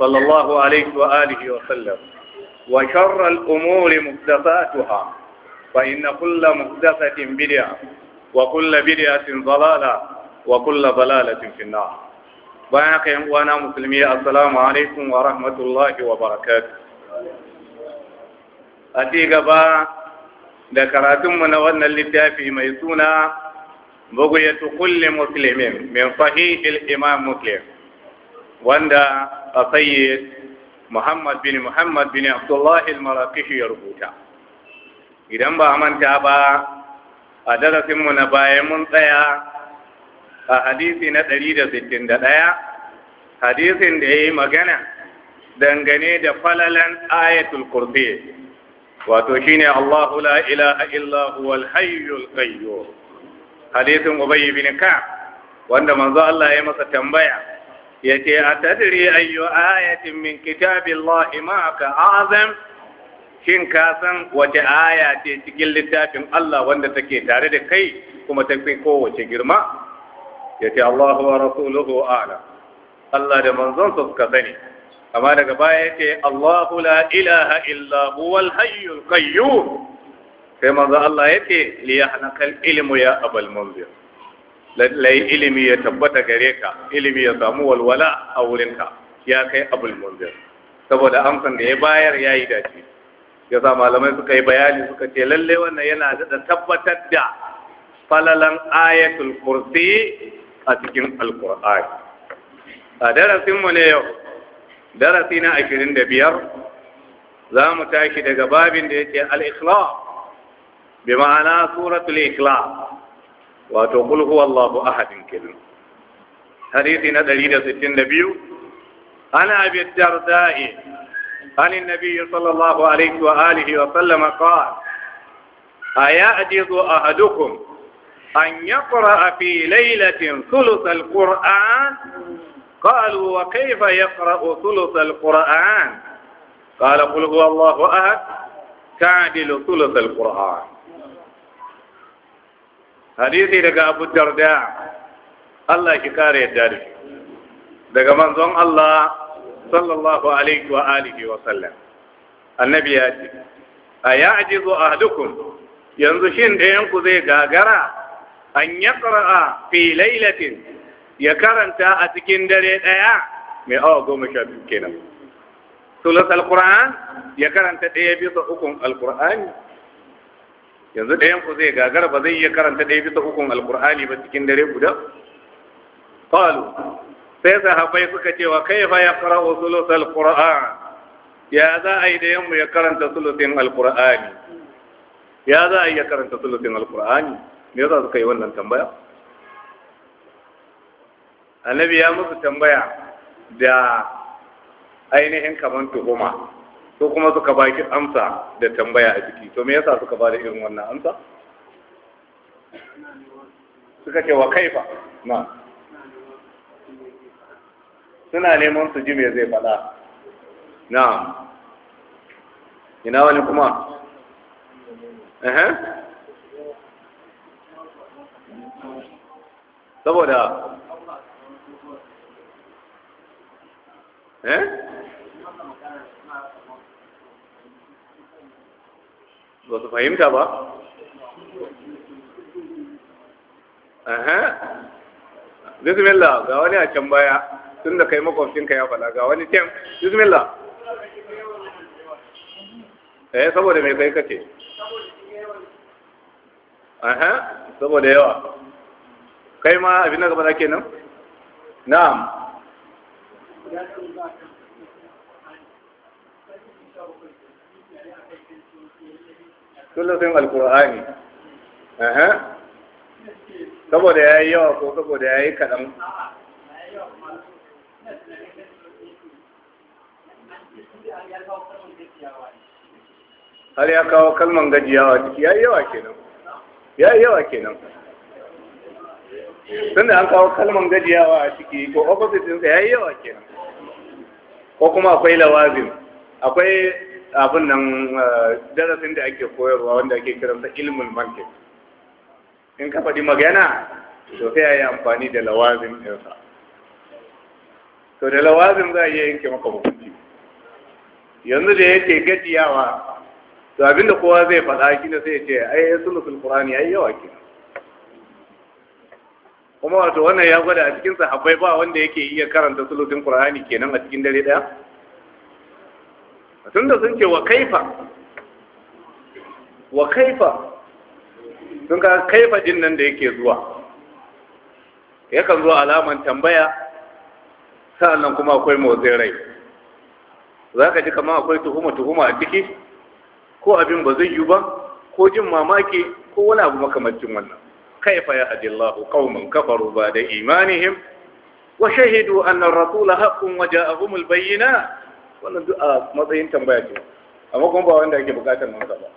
صلى الله عليه وآله وسلم وشر الأمور محدثاتها فإن كل محدثة بدعة وكل بدعة ضلالة وكل ضلالة في النار بارك وانا مسلمي السلام عليكم ورحمة الله وبركاته أتي غبا da karatunmu na wannan littafi mai suna bugayatu kulli muslimin min sahih al-imam muslim wanda السيد محمد بن محمد بن عبد الله المراكشي ya rubuta. idan ba a manta ba a darasinmu na baya mun tsaya a hadisi na 161 hadisin da ya yi magana dangane da falalan ayatul kursi wato shine Allahu la ilaha illa huwal hayyul qayyum hadisin ubay ibn ka wanda manzo Allah ya masa tambaya yace atadri ayyu ayatin min kitabillahi ma'aka azam shin ka san wace aya ce cikin littafin Allah wanda take tare da kai kuma ta fi kowace girma yace Allahu wa rasuluhu a'lam Allah da manzon sa suka sani amma daga baya yace Allahu la ilaha illa huwal hayyul qayyum sai manzo Allah yace li kan ilmu ya abal munzir lallai ilimi ya tabbata gare ka ilimi ya samu walwala a wurinka ya kai abul munzir saboda amsan da ya bayar ya yi dace ya sa malamai suka yi bayani suka ce lallai wannan yana da tabbatar da falalan ayatul kursi a cikin alkur'ani a darasin mu ne yau darasi na ashirin da biyar za mu tashi daga babin da yake al-ikhlas bi ma'ana suratul ikhlas wato qul huwallahu ahadin kenan hadisi na 162 ana أبي الدرداء عن النبي صلى الله عليه وآله وسلم قال أيعجز أحدكم أن يقرأ في ليلة ثلث القرآن قالوا وكيف يقرأ ثلث القرآن قال قل هو الله أحد تعدل ثلث القرآن hadisi daga abu darda Allah ki kare yadda da daga manzon Allah sallallahu alaihi wa alihi wa sallam annabi ya ce a ya'jizu ahlukum yanzu shin ɗayan ku zai gagara an yaqra'a fi lailatin ya karanta a cikin dare ɗaya mai awa goma sha biyu kenan sulas alquran ya karanta ɗaya bisa ukun alqur'ani yanzu da yanku zai gagara ba zai iya karanta ɗaya bisa ukun alkur'ani ba cikin dare guda qalu sai sahabbai suka cewa kai fa kaifa yaqra'u thuluthal qur'an ya za a yi da yamma ya karanta sulusin alkur'ani ya za a yi ya karanta sulusin alkur'ani me yasa suka yi wannan tambaya annabi ya musu tambaya da ainihin kaman tuhuma Ko kuma suka baki amsa da tambaya a ciki to me yasa suka ba da irin wannan amsa suka ce wa kaifa na suna neman su ji me zai faɗa na ina wani kuma saboda eh ba su fahimta ba bismillah ga wani a can baya tun da kai makwabcinka ya fada ga wani tem bismillah eh saboda mai kai kace aha saboda yawa kai ma abin da gaba da kenan na'am sulusin alkur'ani saboda ya yi yawa ko saboda ya yi kaɗan har ya kawo kalman gajiyawa ciki ya yi yawa kenan ya yi yawa kenan tun da an kawo kalman gajiyawa a ciki ko opposite ɗinsa ya yi yawa kenan ko kuma akwai lawazin akwai abin nan eh, darasin da ake koyarwa wanda ake kiransa ilmin mantik in ka faɗi magana to sai ya yi amfani da lawazin ɗinsa to da lawazin za a iya yanke maka hukunci yanzu da yake gajiyawa to abinda kowa zai faɗa kina sai ce ai ya sulfurani ya yi yawa ke. kuma wato wannan ya gwada a cikin sahabbai ba wanda yake iya karanta sulusin qur'ani kenan a cikin dare daya tunda sun ce wa kaifa wa kaifa sun ka kaifa din nan da yake zuwa yakan zo alaman tambaya sa'annan kuma akwai motsin rai za ka ji kama akwai tuhuma-tuhuma a ciki ko abin ba zai yi ba ko jin mamaki ko wani abu makamacin wannan kaifa ya hadi Allahu qauman kafaru ba da imanihim wa shahidu anna ar-rasula haqqun wa ja'ahumul bayyinat wannan duk a matsayin tambaya ce amma kuma ba wanda yake bukatar amsa ba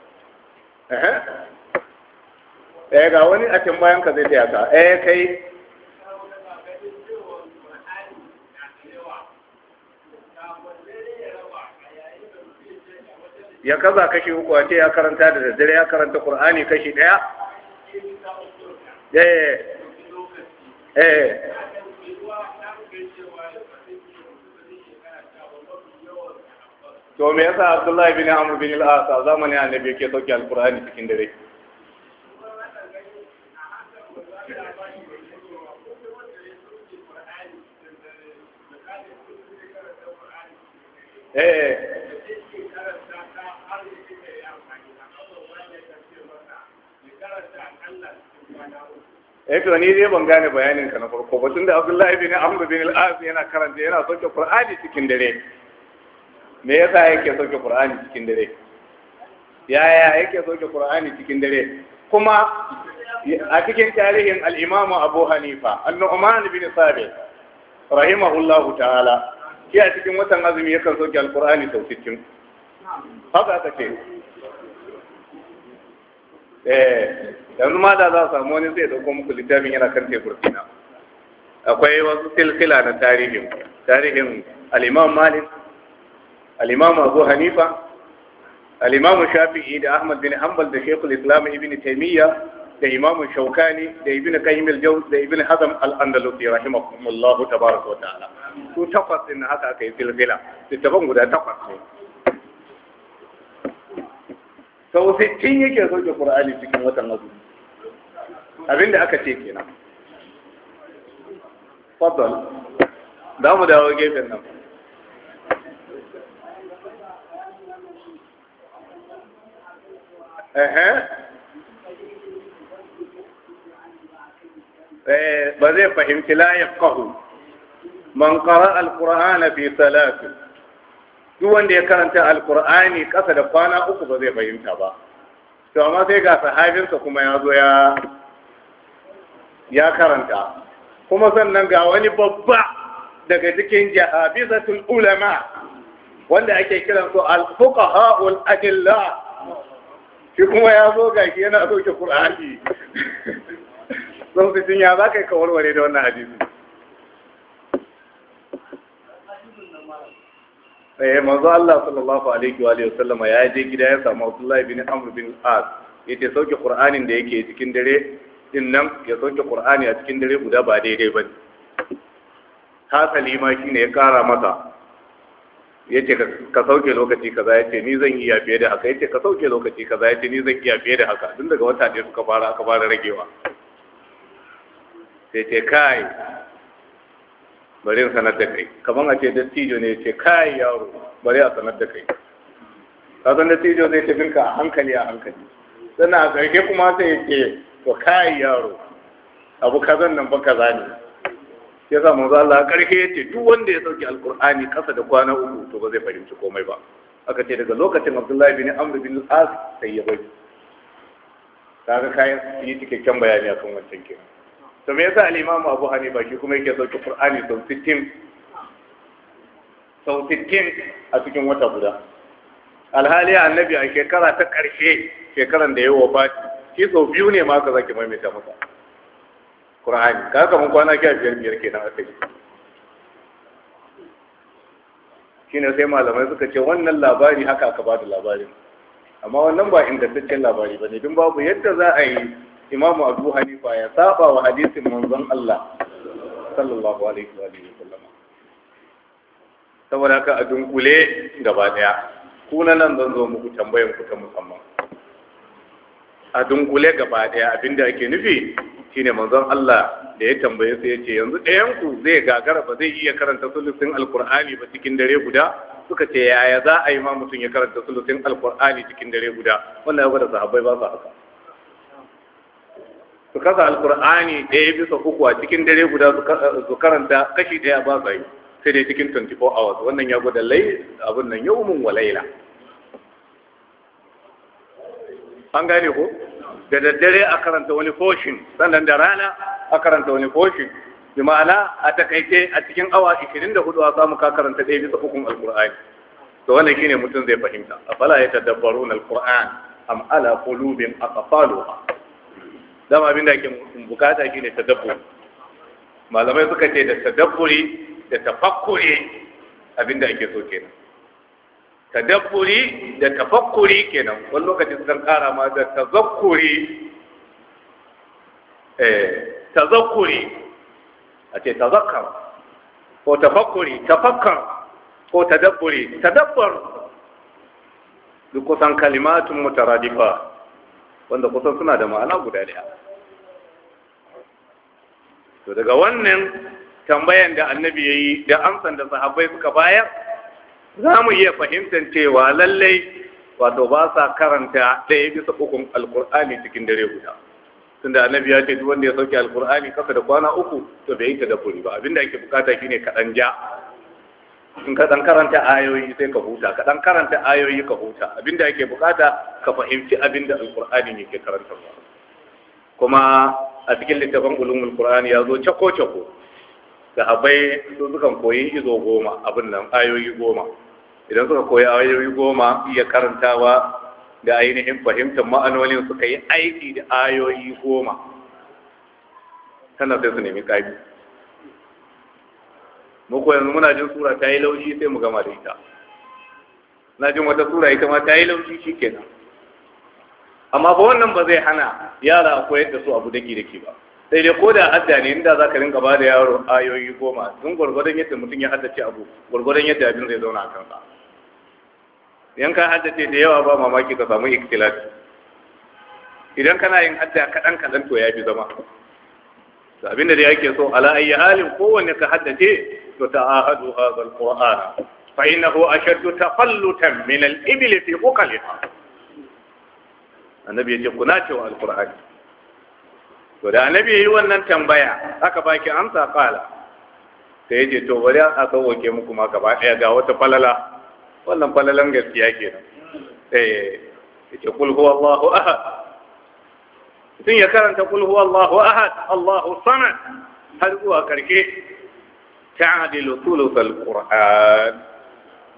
eh ga wani a can bayan ka zai taya ka eh kai ya kaza kashi uku a ce ya karanta da daddare ya karanta Kur'ani kashi ɗaya? eh eh to me yasa Abdullahi bin Amr bin al-As a zamanin Annabi yake sauke Al-Qur'ani cikin dare eh Eto eh, to ni dai ban gane bayanin ka na farko ba tunda Abdullahi bin Amr bin al-As yana karanta yana soke Qur'ani cikin dare me yasa yake soke qur'ani cikin dare yaya yake soke qur'ani cikin dare kuma a cikin tarihin al-imam abu hanifa an-nu'man bin sabit rahimahullahu ta'ala shi a cikin watan azumi yake soke al-qur'ani sau 60 haka aka ce eh yanzu ma da za a samu wani zai dauko muku littafin yana kan tebur akwai wasu silsila na tarihin tarihin al-imam malik الإمام أبو حنيفة الإمام الشافعي ده أحمد بن حنبل ده شيخ الإسلام ابن تيمية ده إمام الشوكاني ده ابن قيم الجوز ده ابن حزم الأندلسي رحمكم الله تبارك وتعالى تتفص إن هكا في الفلا تتفهم ده تفص سو ستين يكي سوجي القرآن في كموة النظم أبين ده أكا تيكينا تفضل دعمو دعوه كيف Eh, ba zai fahimci layar ƙahu man ƙara alƙur'ana fi salatu duk wanda ya karanta alƙur'ani ƙasa da kwana uku ba zai fahimta ba to amma sai ga sahabinsa kuma ya zo ya karanta kuma sannan ga wani babba daga cikin jahabizatul ulama wanda ake kiran su al-fuqaha adilla shi kuma ya zo shi yana soke Kur'ani? sun fitin ya za ka yi kawarware da wannan hadisi eh manzo Allah sallallahu alaihi wa alihi wasallam ya je gida ya samu Abdullah ibn Amr bin As yace sauke Qur'anin da yake cikin dare din nan ya sauke Qur'ani a cikin dare guda ba daidai ba hasali ma shine ya kara masa ya ce ka sauke lokaci kaza ya ce ni zan iya fiye da haka ya ce ka sauke lokaci kaza ya ce ni zan iya fiye da haka tun daga wata ne suka fara aka fara ragewa sai ce kai bari in sanar da kai kamar a ce dattijo ne ya ce kai yaro bari a sanar da kai ka san dattijo zai ce binka a hankali a hankali sannan a ƙarshe kuma sai ya ce to kai yaro abu kazan nan ba kaza ne shi yasa manzo Allah karfe yace duk wanda ya sauke alqur'ani kasa da kwana uku to ba zai fahimci komai ba aka ce daga lokacin Abdullahi bin Amr bin As sai ya bari kaga kayan yi cikakken bayani akan wancan kenan to me yasa al-Imam Abu Hanifa shi kuma yake sauke Qur'ani sau 60 sau 60 a cikin wata guda alhali annabi a shekara ta karshe shekaran da ya wafati shi sau biyu ne ma ka zaki maimaita masa Kur'ani ka mun kwana sha biyar biyar kenan aka yi ne sai malamai suka ce wannan labari haka aka da labarin amma wannan ba ingantaccen labari ne, don babu yadda za a yi Imam Abu Hanifa ya saba wa hadisin manzon Allah sallallahu alaihi wa sallam saboda haka a dunkule gaba daya kuna nan zan zo muku tambayan ku ta musamman a dunkule gaba daya da ake nufi shine manzon Allah da ya tambaye su yace yanzu ɗayan ku zai gagara ba zai iya karanta sulusin alkur'ani ba cikin dare guda suka ce yaya za a yi ma mutum ya karanta sulusin alkur'ani cikin dare guda wannan ya da sahabbai ba su haka su kasa alkur'ani ɗaya bisa uku a cikin dare guda su karanta kashi ɗaya ba su yi sai dai cikin 24 hours wannan ya gwada lai abin nan yau mun wa laila an gane ko da daddare a karanta wani foshin. sannan da rana a karanta wani foshin. bi ma'ana a takaice a cikin awa 24 a samu ka karanta ɗaya bisa hukun alkur'ani to shi shine mutum zai fahimta A fala ya na alkur'an am ala qulubin aqfaluha dama abin da ake bukata ne tadabburi malamai suka ce da tadabburi da tafakkuri abin da ake so kenan tadabburi da tafakkuri kenan wani lokacin zan kara ma da tazakkuri eh tazakkuri a ce tazakkar ko tafakkuri tafakkar ko tadabburi tadabbar duk kusan kalimatun mutaradifa wanda kusan suna da ma'ana guda daya to daga wannan tambayan da annabi yayi da amsan da sahabbai suka bayar za mu iya fahimtar cewa lallai wato ba sa karanta ɗaya bisa ukun alkur'ani cikin dare guda tunda annabi ya ce duk wanda ya sauke alkur'ani kasa da kwana uku to bai yi ta kuri ba abinda ake bukata shine kaɗan ja in ka dan karanta ayoyi sai ka huta ka dan karanta ayoyi ka huta abinda ake bukata ka fahimci abinda alkur'ani yake karantarwa kuma a cikin littafin ulumul qur'ani ya zo cako cako Da abai su sukan koyi izo goma abin nan ayoyi goma idan suka koyi ayoyi goma iya karantawa da ainihin fahimtar ma'anolin suka yi aiki da ayoyi goma sannan sai su nemi ƙabi muku yanzu muna jin sura ta yi laushi sai mu gama da ita na jin wata sura ita ma ta yi laushi shi kenan amma ba wannan ba zai hana yara koyar da su abu daki daki ba sai dai ko da adda ne inda za ka rinka ba da yaro ayoyi goma sun gwargwadon yadda mutum ya haddace abu gwargwadon yadda abin zai zauna a kansa idan ka haddace da yawa ba mamaki ka samu ikhtilaf idan kana yin adda kaɗan kaɗan to ya fi zama to abin da dai ake so ala ayyi halin kowanne ka haddace to ta'ahadu hadha alquran fa innahu ashaddu tafallutan min al-ibli fi uqaliha annabi ya ce kuna cewa alqur'ani to da annabi yi wannan tambaya aka baki amsa kala sai ya to bari a sauwake muku ma gaba ɗaya ga wata falala wannan falalan gaskiya kenan eh yace kul huwa Allahu ahad mutum ya karanta kul huwa Allahu ahad Allahu samad har zuwa karke ta'dilu thuluthal qur'an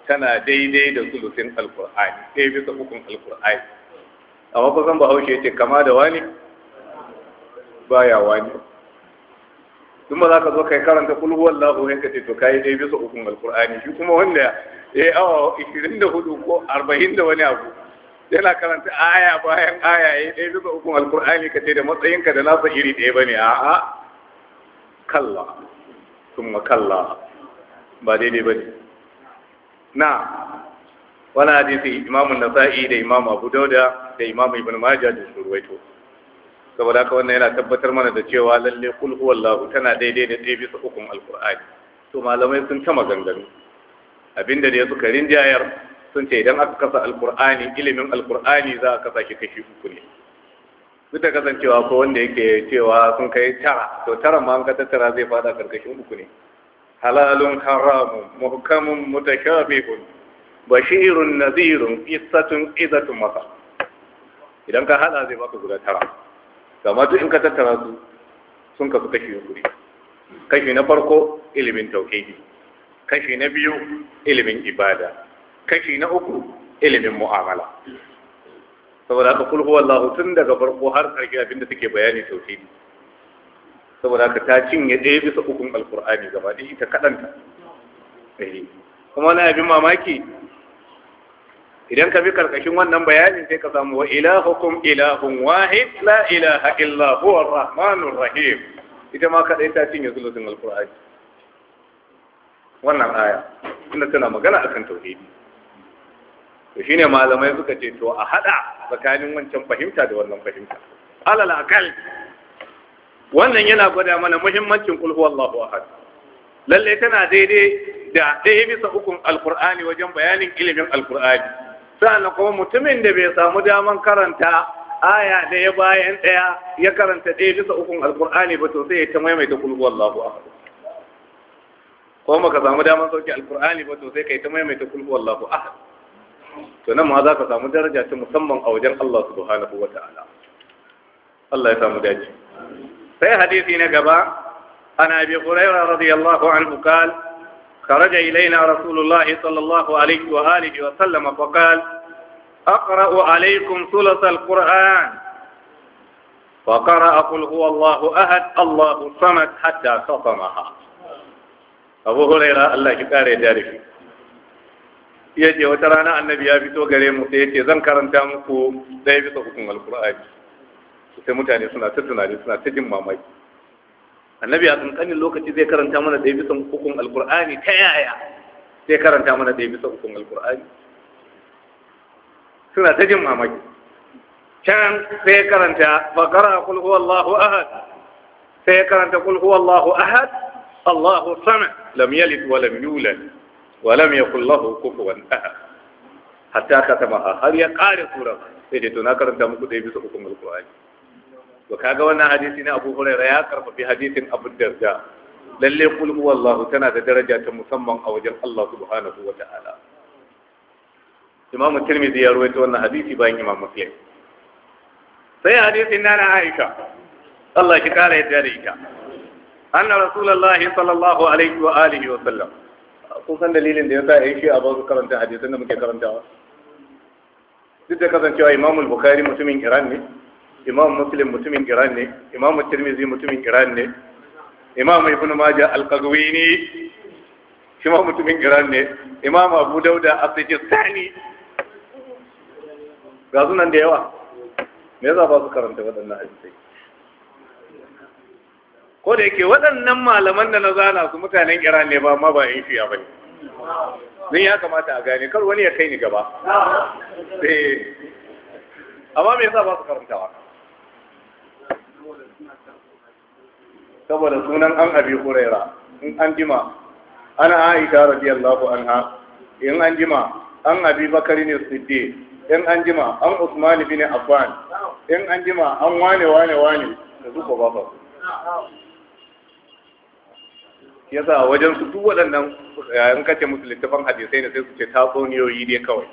tana daidai da thuluthin alqur'ani sai bisa hukun alqur'ani amma ba bahaushe yace kama da wani baya wani Tun ba za ka zo kai karanta kul huwallahu sai ka ce to kai dai bisa ukun alqur'ani shi kuma wanda eh awa 24 ko 40 da wani abu yana karanta aya bayan aya eh dai bisa ukun alqur'ani ka ce da matsayinka da nasa iri ɗaya bane a a kalla kuma kalla ba daidai bane na wani hadisi imamun nasa'i da imam abu dauda da imam ibn majah da surwaito saboda haka wannan yana tabbatar mana da cewa lalle kul huwallahu tana daidai da ɗaya bisa ukun alƙur'ani, to malamai sun ta maganganu abinda da ya suka rinjayar sun ce idan aka kasa alkur'ani ilimin alkur'ani za a kasa shi kashi uku ne duk da kasancewa ko wanda yake cewa sun kai tara to tara ma an ka tattara zai fada karkashin uku ne halalun haramun muhkamun mutashabihun bashirun nazirun qissatun izatun Masa. idan ka hada zai baka guda tara amma duk in ka tattara su sun kasu kashi uku kashi na farko ilimin tauhidi kashi na biyu ilimin ibada kashi na uku ilimin mu'amala saboda haka kulhu wallahu tun daga farko har karshe abinda take bayani tauhidi saboda haka ta cinye ɗaya bisa ukun alkur'ani gaba ɗaya ita kaɗanta eh. kuma wani abin mamaki idan ka bi karkashin wannan bayanin sai ka samu wa ilahukum ilahun wahid la ilaha illa huwa rahmanur rahim ita ma kadai ta cinye sulusin alqur'ani wannan aya inda tana magana akan tauhidi to shine malamai suka ce to a hada tsakanin wancan fahimta da wannan fahimta alal akal wannan yana gwada mana muhimmancin kulhu wallahu ahad lalle tana daidai da ɗaya bisa ukun alkur'ani wajen bayanin ilimin alkur'ani sa'an kuma mutumin da bai samu daman karanta aya ɗaya bayan ɗaya ya karanta ɗaya bisa ukun alkur'ani ba to sai ya ta maimaita kulhu wallahu ahad ko ka samu daman sauki alkur'ani ba to sai kai ta maimaita kulhu wallahu ahad to nan ma za ka samu daraja ta musamman a wajen Allah subhanahu wa ta'ala Allah ya samu dace sai hadisi na gaba ana abi hurairah radiyallahu anhu qala خرج إلينا رسول الله صلى الله عليه وآله وسلم فقال أقرأ عليكم ثلث القرآن وقرأ قل هو الله أحد الله الصمد حتى خصمها أبو هريرة الله كتاري داري ya ce wata rana annabi ya fito gare mu sai ce zan karanta muku ɗaya bisa hukun alkur'ani sai mutane suna ta tunani suna ta jin mamaki annabi a kankanin lokaci zai karanta mana ɗaya bisa hukun alkur'ani ta yaya sai karanta mana ɗaya bisa hukun alkur'ani suna ta jin mamaki can sai karanta bakara kul huwallahu ahad sai karanta kul huwallahu ahad Allahu samad lam yalid wa lam yulad wa lam yakul lahu kufuwan ahad hatta katamaha har ya kare sura sai dai to na karanta muku dai bisa hukumar Qur'ani to kaga wannan hadisi na Abu Hurairah ya karfafi hadisin Abu Darda lalle kul huwallahu tana da daraja ta musamman a wajen Allah subhanahu wa ta'ala imamu tirmidhi ya rawaito wannan hadisi bayan imam muslim sai hadisin na na aisha Allah ki kara yadda da ita anna rasulullahi sallallahu alaihi wa alihi wa sallam kun san dalilin da ya sa ya shi a bazu karanta hadisan da muke karantawa duk da kasancewa imamu bukhari mutumin iran ne imam muslim mutumin iran ne imam tirmizi mutumin iran ne imam ibn majah al-qazwini shi ma mutumin iran ne imam abu dauda as-sijistani ga sunan da yawa me yasa ba su karanta waɗannan hadisai ko da yake waɗannan malaman da na zana su mutanen iran ne ba ma ba in shiya ba ne don ya kamata a gane kar wani ya kai ni gaba eh. amma me yasa ba su karantawa saboda sunan an abi huraira in an jima ana aisha radiyallahu anha in an jima an abi bakari ne siddiq in an jima an Usman bin Affan in an jima an wane wane wane da duk ba ba yasa wajen su duk waɗannan yayin eh, kace musu littafin hadisai ne sai su ce tatsuniyoyi ne kawai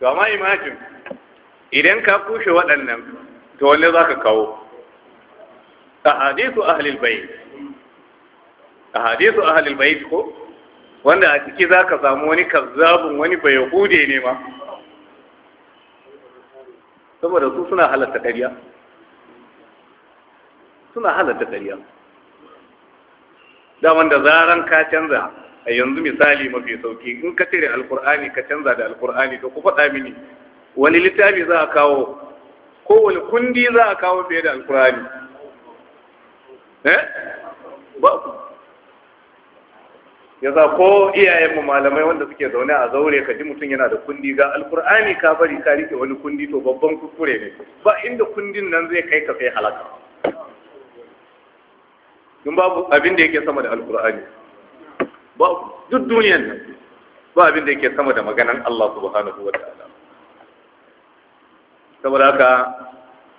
to amma imagine idan ka kushe waɗannan to wanne za ka kawo ahadisu ahlil bayt ahadisu ahlil bayt ko wanda a ciki za ka samu wani kazzabin wani bai yahude ne ma saboda su suna halatta ƙarya suna halatta ƙarya daman da zaran ka canza a yanzu misali mafi sauki in ka cire alkur'ani ka canza da alkur'ani to ku faɗa mini wani littafi za a kawo ko wani kundi za a kawo fiye da alkur'ani eh yasa ko iyayenmu malamai wanda suke zaune a zaure ka ji mutum yana da kundi ga alkur'ani ka bari ka rike wani kundi to babban kuskure ne ba inda kundin nan zai kai ka kai halaka dun babu abin da yake sama da alkur'ani ba duk duniyan nan ba abin da yake sama da maganan Allah subhanahu wa ta'ala saboda haka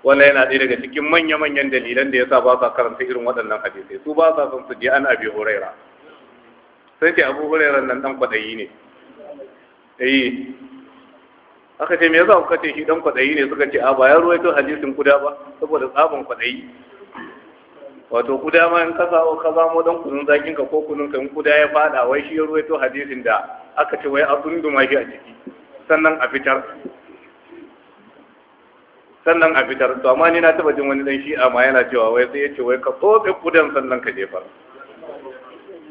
wannan yana ɗaya daga cikin manya-manyan dalilan da yasa ba sa karanta irin waɗannan hadisai su ba sa son su je an abi horaira sai ce abu hurairar nan dan kwaɗayi ne eh aka ce me yasa kuka ce shi dan kwaɗayi ne suka ce a ba ya ruwaito hadisin kuda ba saboda tsabon kwaɗayi wato kuda ma in ka samu ka zamo dan kunun zakin ka ko kunun ka in kuda ya fada wai shi ya ruwaito hadisin da aka ce wai a dunduma shi a jiki sannan a fitar sannan a fitar to amma ni na taba jin wani dan shi amma yana cewa wai sai ya ce wai ka tsotse kudan sannan ka jefar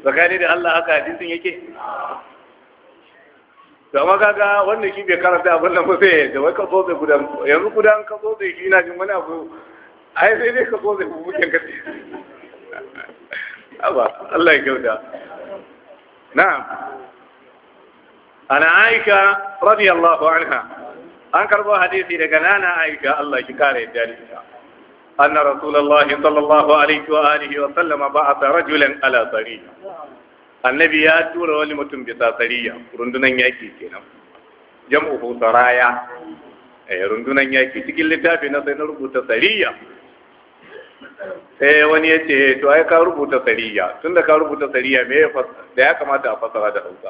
tsakani da Allah haka hadisin yake to amma kaga wannan shi bai karanta abin nan ba sai da wai ka tsotse gudan yanzu gudan ka tsotse shi na jin wani abu ai sai dai ka tsotse bubukin ka aba Allah ya kyauta na'am ana aika radiyallahu anha an karbo hadisi daga nana aika Allah ki kare yadda ya أن رسول الله صلى الله عليه وآله وسلم بعث رجلا على سرية annabi ya tura wani mutum bisa sariya rundunan yaki kenan jam'u saraya eh rundunan yaki cikin littafi sai na rubuta wani ya ce to ai ka rubuta sariya tunda ka rubuta sariya me ya da ya kamata a fasara da Hausa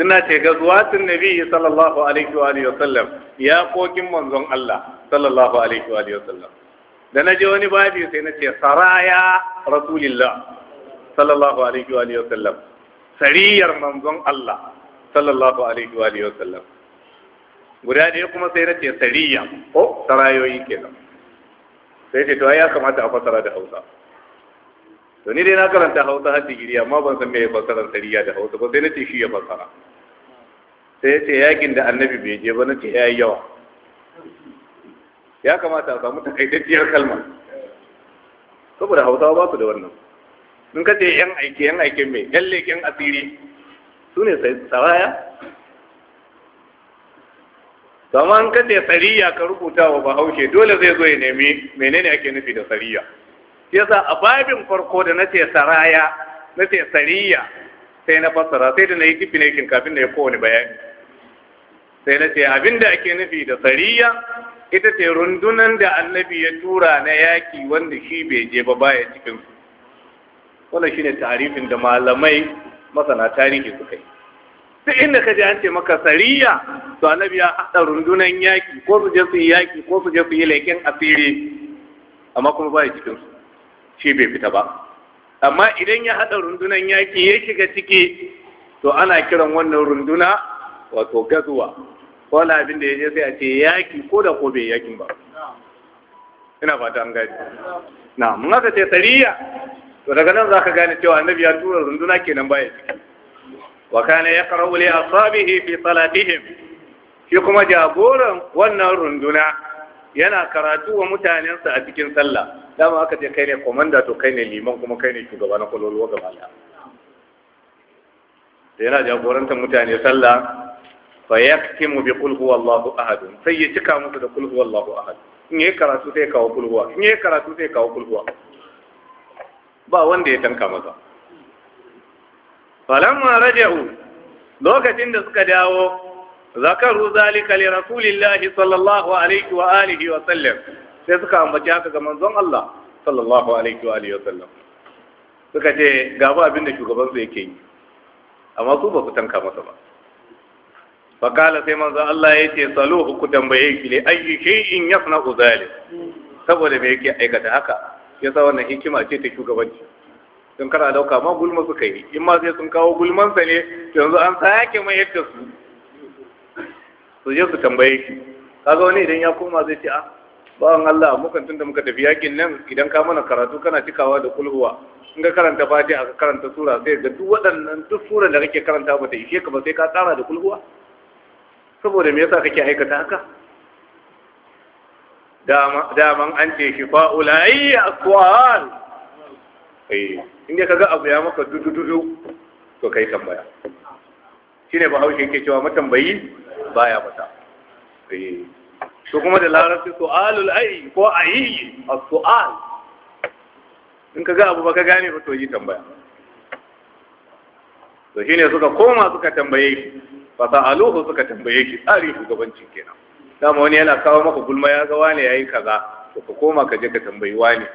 suna ce gazwatin nabi sallallahu alaihi wa alihi wasallam ya kokin manzon Allah sallallahu alaihi wa alihi wasallam da naje wani babi sai na ce saraya rasulillah sallallahu alaihi wa alihi wasallam sariyar manzon Allah sallallahu alaihi wa alihi wasallam guda ɗaya kuma sai na ce sariya ko oh, sarayoyi kenan sai ce to ya kamata a fasara da Hausa to ni dai na karanta Hausa har digiri amma ban san me ya fasara sariya da Hausa ba sai na ce shi ya fasara sai ya ce yakin da annabi bai je ba na ce ya yi yawa ya kamata a samu takaitacciyar kalma saboda hausawa ba su da wannan sun kace yan aike yan aike mai yan leken asiri su ne saraya kama in ka ce sariya ka rubuta wa bahaushe dole zai zo ya nemi menene ake nufi da sariya yasa a babin farko da na ce saraya na ce sariya sai na fassara sai da na yi definition kafin da ya kowane bayani sai na ce abinda ake nufi da sariya ita ce rundunan da annabi ya tura na yaki wanda shi bai je ba baya cikin su shi ne tarifin da malamai masana tarihi suka yi duk inda ka je an ce maka sariya to annabi ya haɗa rundunan yaki ko su je su yi yaki ko su je su yi leƙen asiri amma kuma baya cikin su shi bai fita ba amma idan ya haɗa rundunan yaƙi ya shiga ciki to ana kiran wannan runduna wato gazuwa Wani abin da ya je sai a ce yaƙi ko da ko bai yaƙin ba ina fata an gaji. na mun haka ce sariya to daga nan zaka gane cewa annabi ya tura runduna kenan baya ciki wa kana yaqra'u li ashabihi fi salatihim shi kuma jagoran wannan runduna yana karatu wa mutanensa a cikin sallah dama aka ce kai ne komanda to kai ne liman kuma kai ne shugaba na kwalwalwa gaba da da yana jagorantar mutane sallah fa mu bi qul huwallahu ahadu sai ya cika musu da qul huwallahu ahadu in yi karatu sai kawo kulhuwa. in yi karatu sai kawo kulhuwa ba wanda ya tanka masa falamma raja'u lokacin da suka dawo zakaru zalika li rasulillahi sallallahu alaihi wa alihi wa sallam sai suka ambaci haka ga manzon Allah sallallahu alaihi wa alihi wasallam suka ce ga ba abin da shugaban su yake yi amma su ba ku tanka masa ba fa kala sai manzon Allah ya ce saluhu ku tambaye shi li in shay'in yasna'u zalik saboda me yake aikata haka yasa wannan hikima ce ta shugabanci sun kara dauka ma gulma suka yi in ma sai sun kawo gulmansa ne yanzu an sake mai yadda su su je su tambaye shi kaga wani idan ya koma zai ce a ah, bawan Allah mukan tunda muka tafi yakin nan idan ka mana karatu kana cikawa da kulhuwa in ka karanta fatiha ka karanta sura sai ga duk waɗannan duk sura da kake karanta ba ta ishe ka ba sai ka tsara da kulhuwa saboda me yasa kake aikata haka daman an ce shi fa'ula ayi akwal eh in ka ga abu ya maka dudu to kai tambaya shine ba bahaushe yake cewa matambayi baya fata eh su kuma da larabci su'alul ayi ko ayi a su'al in ka ga abu ba ka gane ba to yi tambaya to shine suka koma suka tambaye shi fa sa'aluhu suka tambaye shi tsari shugabancin kenan dama wani yana kawo maka gulma ya ga ya yayi kaza to ka koma ka je ka tambayi wani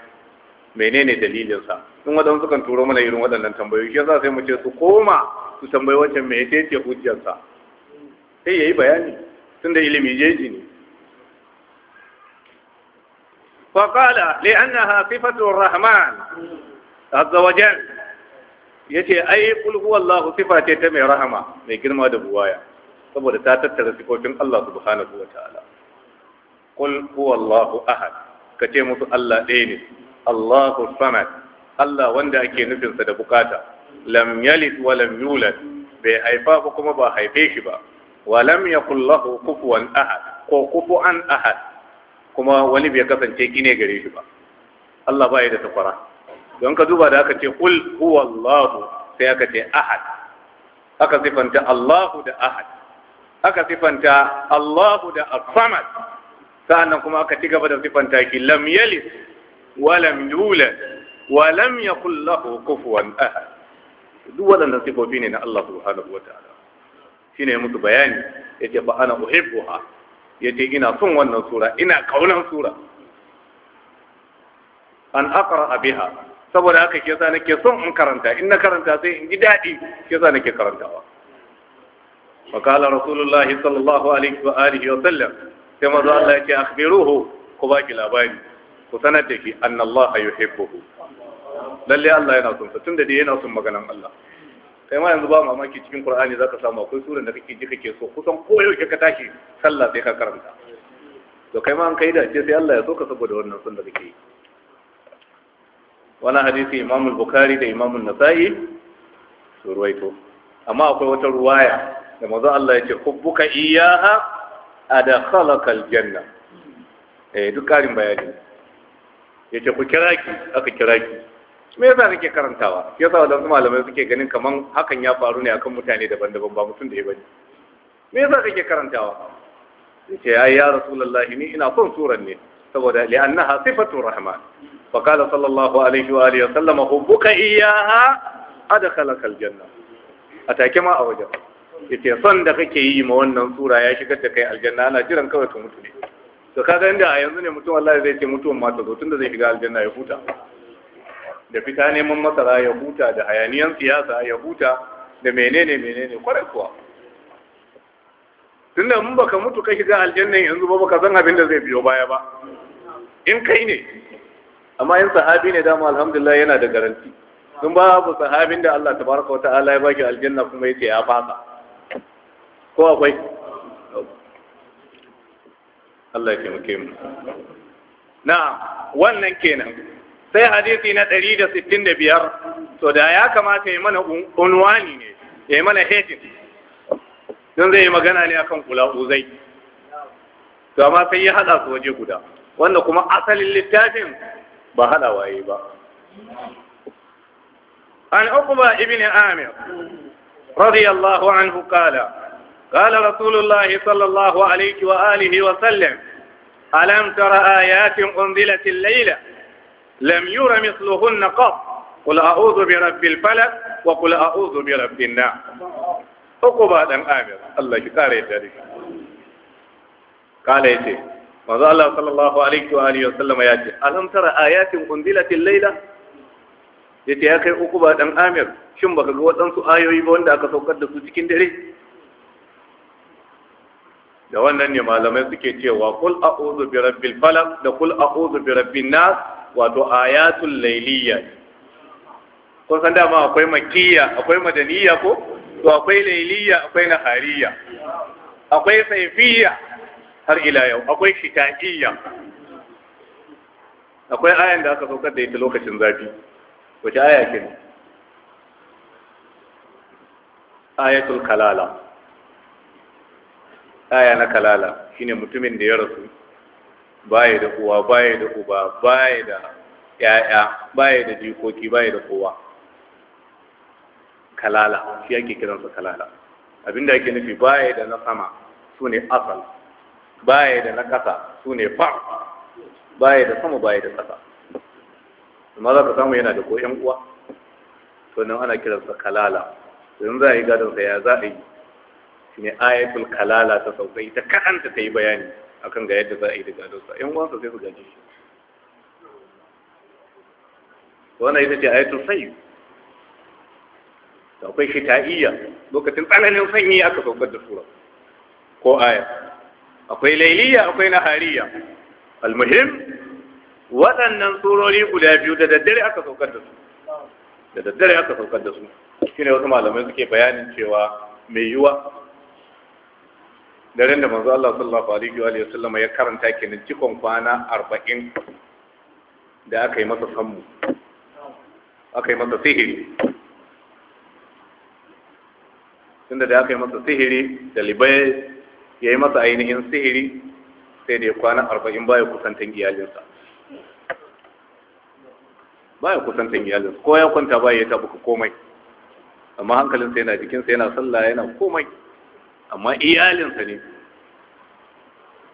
menene dalilin sa in wadansu sukan turo mana irin waɗannan tambayoyi shi yasa sai mu ce su koma su tambayi wancan me yake ce hujjar sa sai yayi bayani tunda ilimi jeji ne فقال لأنها صفة الرحمن عز وجل yace ai kul huwa Allah sifa ce ta mai rahama mai girma da buwaya saboda ta tattara sifofin Allah subhanahu kul huwa Allah ahad kace musu Allah ɗaya ne Allahu samad Allah wanda ake nufin sa da bukata lam yalid wa lam yulad bai haifa ba kuma ba haife shi ba wa lam yakul lahu kufuwan ahad ko kufuwan ahad kuma wani bai kasance gine gare shi ba Allah ba ya da takwara don ka duba da aka ce qul huwallahu sai aka ce ahad aka sifanta Allahu da ahad aka sifanta Allahu da as-samad sa'annan kuma aka ci gaba da sifanta ki lam yalid wa lam yulad wa lam yakul lahu kufuwan ahad duk waɗannan sifofi ne na Allah subhanahu wa ta'ala shine musu bayani yace fa ana uhibbuha ya ce ina son wannan sura ina kaunan sura an a biha saboda haka ke sa nake son in karanta in na karanta sai in ji daɗi ke sa nake karantawa فقال رسول الله صلى الله عليه وآله وسلم كما قال لك أخبروه كباك الأباني kai ma yanzu ba mamaki cikin Qur'ani zaka samu akwai suran da kake ji kake so kusan ko yau ka tashi sallah sai ka karanta to kai ma an kai dace sai Allah ya so ka saboda wannan sun da kake yi wannan hadisi Imam al-Bukhari da Imam an-Nasa'i su ruwaito amma akwai wata ruwaya da manzo Allah yake hubbuka iyyaha adkhalaka al-janna eh duk karin bayani yace ku kira ki aka kira ki me yasa kake karantawa yasa wadansu malamai suke ganin kaman hakan ya faru ne akan mutane daban-daban ba mutum da ya bane me yasa kake karantawa yace ya ya rasulullahi ni ina son suran ne saboda li'annaha sifatu rahman fa qala sallallahu alaihi wa alihi wa sallama hubbuka iyyaha adkhalakal janna atake ma a wajen yace son da kake yi ma wannan sura ya shigar da kai aljanna ana jiran kawai ka mutu ne to kaga inda a yanzu ne mutum wallahi zai ce mutuwan ma ta zo tunda zai shiga aljanna ya huta da fita neman masara ya huta da hayaniyan siyasa ya huta da menene menene kwarai kuwa tunda mun baka mutu ka shiga aljanna yanzu ba baka san abin da zai biyo baya ba in kai ne amma in sahabi ne dama alhamdulillah yana da garanti sun ba ku sahabin da Allah tabaraka wa ta'ala ya baki aljanna kuma yace ya fasa ko akwai Allah ya taimake mu na'am wannan kenan sai hadisi na 165 to da ya kamata ya mana unwani ne ya mana hetin don zai yi magana ne akan kula uzai to amma sai ya hada su waje guda wanda kuma asalin littafin ba hada waye ba an uqba ibn amir radiyallahu anhu kala قال رسول الله صلى الله عليه وآله وسلم ألم ترى آيات أنزلت الليلة lam yura mithluhunna qat qul a'udhu bi rabbil falaq wa qul a'udhu bi rabbin nas ba dan amir Allah ki kare ta dai kala ce manzo Allah sallallahu alaihi wa alihi wasallam yace alam tara ayatin unzilatil layla yace ya kai ba dan amir shin baka ga wadansu ayoyi ba wanda aka saukar da su cikin dare da wannan ne malamai suke cewa kul a'udhu bi rabbil falaq da kul a'udhu bi rabbin nas wato ayatul layliyya kun san dama akwai makiyya akwai madaniyya ko to akwai layliyya akwai nahariyya akwai saifiyya har ila yau akwai shita'iyya akwai ayan da aka saukar da ita lokacin zafi wace aya kenan ayatul kalala kaya na kalala shine mutumin da ya rasu baya da uwa baya da uba baya da yaya baya da jikoki baya da kowa kalala shi ake kiransa kalala abinda ake nufi baya da na sama su ne asal baya da na kasa su ne fa baya da sama baya da kasa. amma za ka samu yana da ko uwa to nan ana kiransa kalala yanzu za a yi gadonsa ya za a yi ne ayatul kalala ta sauka ita kanta ta yi bayani akan ga yadda za a yi da gadonsa yan uwansa sai su gaji shi wannan ita ce ayatul sayyid akwai iya lokacin tsananin sanyi aka saukar da sura ko aya akwai lailiya akwai nahariya almuhim waɗannan surori guda biyu da daddare aka saukar da su da daddare aka saukar da su shine wasu malamai suke bayanin cewa mai yiwa daren da manzo Allah sallallahu alaihi wa sallam ya karanta kenan cikon kwana 40 da aka yi masa sammu aka yi masa sihiri tunda da aka yi masa sihiri da libai ya yi masa ainihin sihiri sai da ya kwana 40 baya kusantan iyalinsa baya kusantan iyalinsa ko ya kwanta baya ya tabuka komai amma hankalinsa yana jikinsa yana sallah yana komai amma iyalinsa ne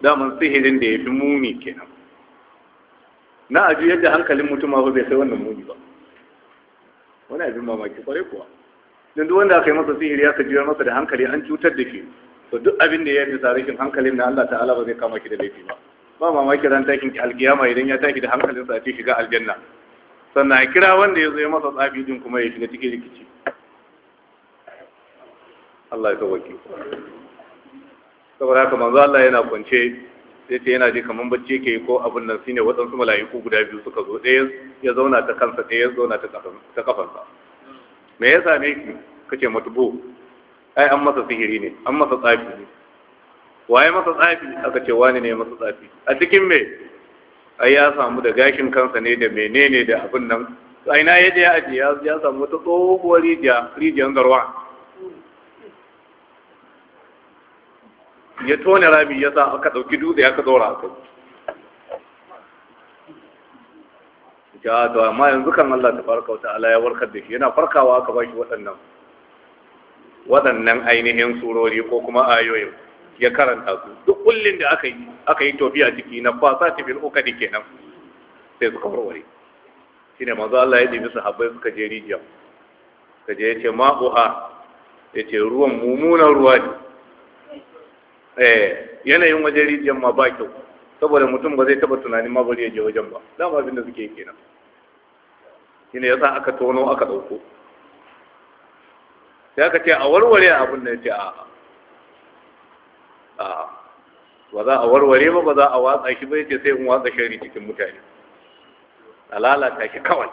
daman sihirin da ya fi muni kenan na aju yadda hankalin mutum ba bai sai wannan muni ba wani abin mamaki kwarai kuwa don duk wanda aka yi masa sihiri aka jiyar masa da hankali an cutar da shi to duk abin da ya fi rashin hankalin na Allah ta'ala ba zai kama ki da laifi ba ba mamaki ran takin ki alkiyama idan ya taki da hankalinsa a ce shiga aljanna sannan a kira wanda ya zo ya masa tsafi din kuma ya shiga cikin rikici Allah ya tawaki saboda haka manzo Allah yana kwance sai ce yana ji kaman bacci yake ko abin nan shine waɗansu mala'iku guda biyu suka zo ɗaya ya zauna ta kansa ɗaya ya zauna ta kafansa me ya same ki kace matubu ai an masa sihiri ne an masa tsafi ne waye masa tsafi aka ce wani ne masa tsafi a cikin me ai ya samu da gashin kansa ne da menene da abin nan sai na yaje ya aje ya samu wata tsohuwar rijiya rijiyar garwa ya tone rami ya sa aka ɗauki dutse aka ɗora a kai ja to amma yanzu kan Allah ta farka wata ala ya warkar da shi yana farkawa aka bashi waɗannan waɗannan ainihin surori ko kuma ayoyin ya karanta su duk kullum da aka yi aka yi tofi ciki na fasa tafin uka da kenan sai suka warware shi ne manzo Allah ya ɗibi sahabbai suka je rijiya suka je ya ce ma'uha ya ce ruwan mummunan ruwa ne Eh, yanayin wajen rijiyar ma ba kyau saboda mutum ba zai taba tunanin ma bari ya je wajen ba mu abin da suke nan. kenan ya yasa aka tono aka ɗauko? sai aka ce a warware abin da ya ce a a ba za a warware ba ba za a watsa shi ba ya ce sai in watsa shari cikin mutane a lalata shi kawai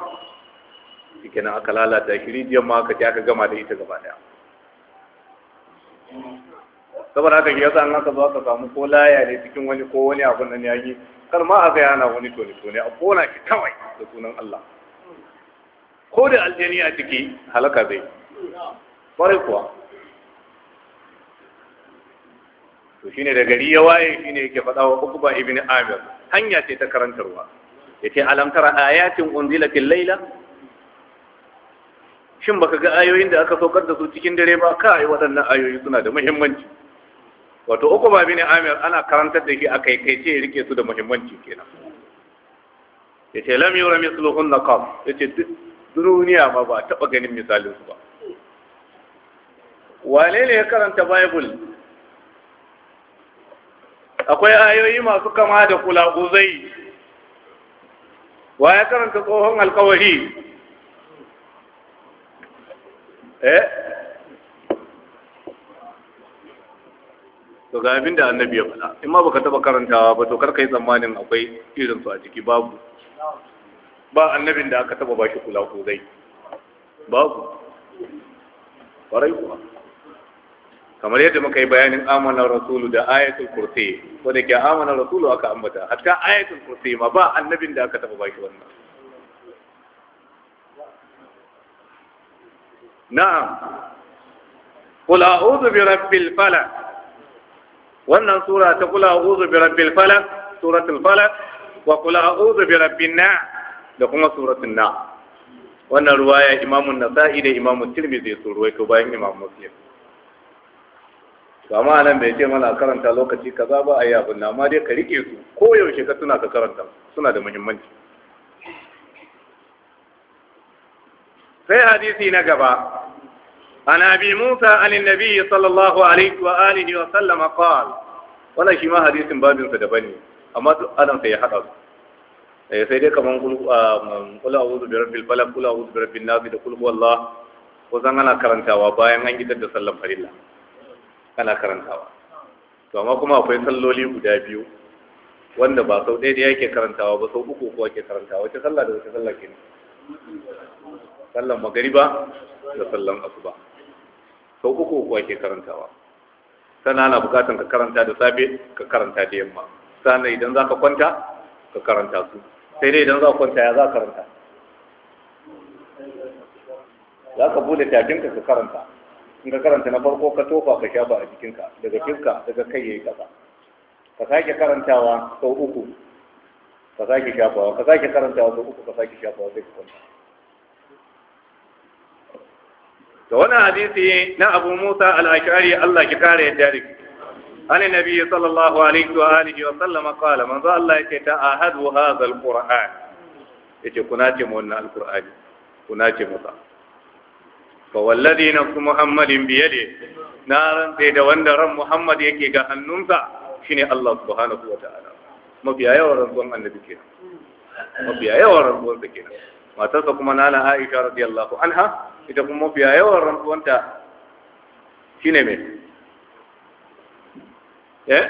shi aka lalata shi rijiyar ma aka ce aka gama da ita gaba daya saboda haka ya sa an aka zo ka samu ko laya ne cikin wani ko wani abun nan yi kar ma aka yana wani tone tone a kona shi kawai da sunan Allah ko da aljani a ciki halaka zai kwarai kuwa to shine da gari ya waye shine yake faɗa wa Uqba ibn Amir hanya ce ta karantarwa yace alam tara ayatin unzilatil layla shin baka ga ayoyin da aka saukar da su cikin dare ba kai waɗannan ayoyi suna da muhimmanci wato uku ba bin amir ana karantar da shi a kai kai ce rike su da muhimmanci kenan ya ce lam yura misluhun na ya ce duniya ma ba taɓa ganin misalin su ba wane ne ya karanta bible akwai ayoyi masu kama da kulaguzai wa ya karanta tsohon alkawari eh to ga abin da annabi ya faɗa in ma baka taba karantawa ba to kar ka yi tsammanin akwai irin su a ciki babu ba annabin da aka taba ba shi kula ko zai babu ƙwarai kuwa kamar yadda muka yi bayanin amana rasulu da ayatul kursi wadda ke amana rasulu aka ambata hatta ayatul kursi ma ba annabin da aka taba ba shi wannan na'am qul a'udhu bi rabbil falaq wannan sura ta kula a'udhu bi rabbil falaq suratul falaq wa kula a'udhu bi rabbin na da kuma suratul na wannan ruwaya imamun nasa'i da imamu tirmidhi sun ruwaito bayan imam muslim ba nan bai ce mana karanta lokaci kaza ba a yi abin ma dai ka rike su ko yaushe ka suna ka karanta suna da muhimmanci sai hadisi na gaba عن أبي موسى عن النبي صلى الله عليه وآله وسلم قال wannan shi ma hadisin babinsa daban ne amma duk adam sai ya haɗa su sai dai kaman kula wuzu bi rabbil falaq kula wuzu bi rabbin nas da kul huwallah ko zan ana karantawa bayan an gidan da sallar farilla ana karantawa to amma kuma akwai salloli guda biyu wanda ba sau ɗaya da yake karantawa ba sau uku ko ake karantawa wace sallah da wace sallah kenan Sallar magariba da sallar asuba sau uku ko ake karantawa sannan ana bukatan ka karanta da safe ka karanta da yamma sannan idan za ka kwanta ka karanta su sai dai idan za ka kwanta ya za ka karanta za ka bude tafinka ka karanta in ka karanta na farko ka tofa ka shafa a jikinka daga fiska daga kai yayi kasa ka sake karantawa sau uku ka sake shafawa ka sake karantawa sau uku ka sake shafawa sai ka kwanta to wannan hadisi na Abu Musa al Allah ki kare yadda da an nabi sallallahu alaihi wa alihi wa sallam qala man za Allah yake ta ahadu hadha al-Qur'an yace kuna ce mu wannan al-Qur'ani kuna ce mu masa fa wallazi nafsu Muhammadin bi yadi na rantse da wanda ran Muhammad yake ga hannunsa shine Allah subhanahu wa ta'ala mafiya yawan rantsuwan annabi kenan mafiya yawan rantsuwan sa kenan matarsa kuma nana Aisha radiyallahu anha ita kuma mafiya yawan rantsuwanta shine mai eh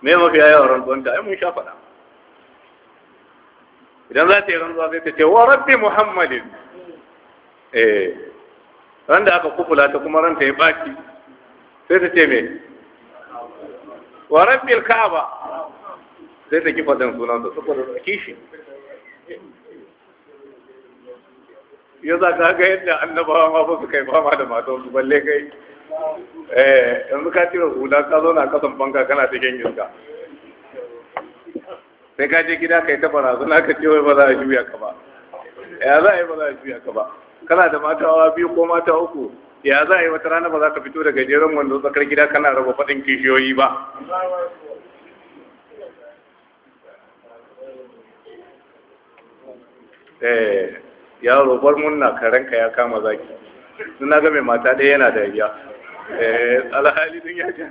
mai mafiya yawan rantsuwanta ai mun sha faɗa idan za ta yi rantsuwa sai ta ce wa rabbi muhammadin eh ran da aka kufula ta kuma ranta ya baki sai ta ce mai, wa rabbi al-ka'aba sai ta kifa dan sunansa saboda kishi ya za ka ga yadda annabawa ma ba su kai fama da matansu balle kai eh yanzu ka cire hula ka na kasan fanka kana kyan iska sai ka je gida kai ta barazana ka ce wai ba za a juya ka ba ya za a yi ba za a juya ka ba kana da mata biyu ko mata uku ya za a yi wata rana ba za ka fito daga jerin wanda tsakar gida kana raba faɗin kishiyoyi ba eh yaro bar munna karanka ya kama zaki sun na ga mai mata ɗaya yana da dariya eh, alhali din ya ce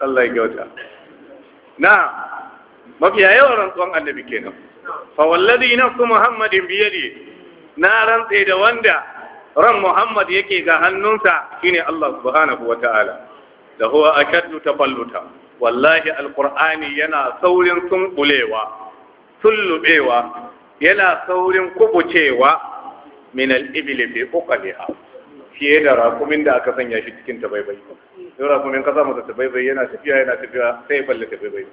Allah ya gauta na mafiya yawan rantsuwan annabi kenan fa wallazi nafsu muhammadin yadi na rantse da wanda ran muhammad yake ga hannunsa shine Allah subhanahu wataala da huwa akaddu tafalluta wallahi alqur'ani yana saurin sunkulewa sullubewa yana saurin kubucewa min al-ibli bi uqaliha fiye da rakumin da aka sanya shi cikin tabaibai sai rakumin ka samu tabaibai yana tafiya yana tafiya sai balle tabaibai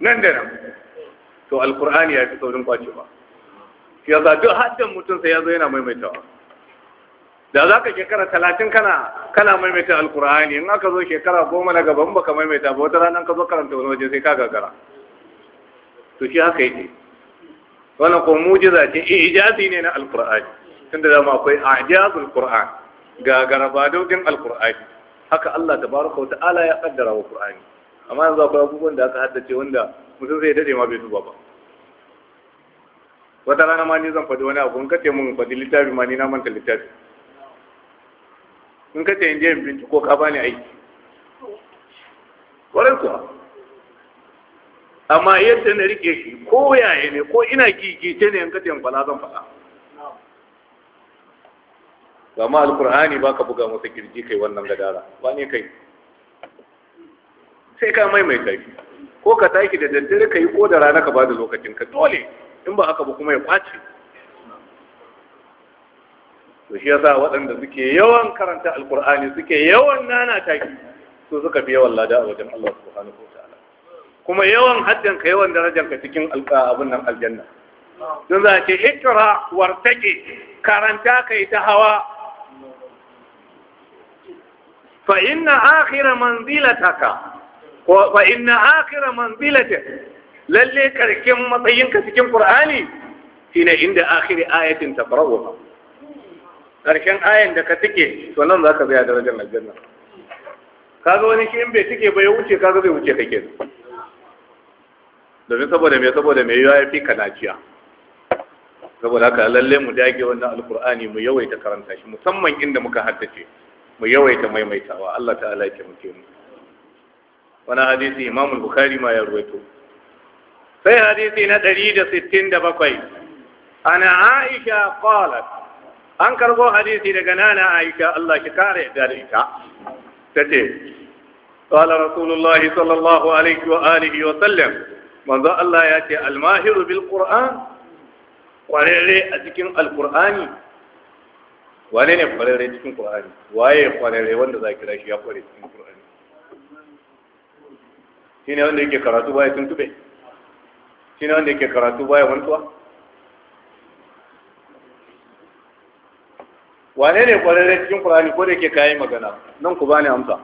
nan da nan to alkur'ani ya fi saurin kwacewa shi yasa duk haddan mutum sai ya zo yana maimaitawa da za ka shekara talatin kana kana maimaita alkur'ani in aka zo shekara goma na gaban baka maimaita ba wata ranar ka zo karanta wani waje sai ka gagara to shi haka yake wannan ko mujiza ce eh, ijazi ne na alqur'ani tunda da akwai ajazul qur'an ga garabadodin alqur'ani haka Allah tabaraka wa ta'ala ya kaddara wa qur'ani amma yanzu akwai abubuwan da aka haddace wanda mutum zai dade ma bai duba ba wata rana ma ni zan faɗi wani abu in kace mun faɗi littafi ma ni na manta littafi in kace in je in binciko ka bani aiki kwarai kuwa amma yadda na rike shi ko yaya ne ko ina gigice ne yanka tiyan fala zan fada gama alkur'ani ba ka buga masa kirji kai wannan gadara ba ne kai sai ka maimaita shi ko ka taki da daddare ka yi ko da rana ka ba da lokacin ka dole in ba haka ba kuma ya kwace to shi yasa waɗanda suke yawan karanta alkur'ani suke yawan nana taki su suka fi yawan lada a wajen Allah subhanahu wa ta'ala kuma yawan haddin ka yawan darajar ka cikin abin nan aljanna don za a ce ikra wartake karanta ka yi ta hawa fa inna akhira manzilataka fa inna akhira manzilatak lalle karkin matsayinka cikin shi ne inda akhiri ayatin ba karshen ayan da ka tike to nan za zai biya darajar aljanna kaga wani shi in bai tike ba ya wuce kaga zai wuce ka ke. domin saboda mai saboda mai yiwa ya fi ka saboda haka lalle mu dage wannan alkur'ani mu yawaita karanta shi musamman inda muka haddace mu yawaita maimaitawa Allah ta'ala ya muke mu wani hadisi Imam al-Bukhari ma ya ruwaito sai hadisi na 167 ana Aisha qalat an karbo hadisi daga nana Aisha Allah ki kare da ita tace قال رسول الله صلى الله عليه وآله وسلم manzo Allah ya ce almahiru bil qur'an kwararre a cikin alqur'ani wane ne kwararre cikin qur'ani waye kwararre wanda za kira shi ya kware cikin qur'ani shine wanda yake karatu baya tube shine wanda yake karatu baya mantuwa wane ne kwararre cikin qur'ani ko da yake kayi magana nan ku bani amsa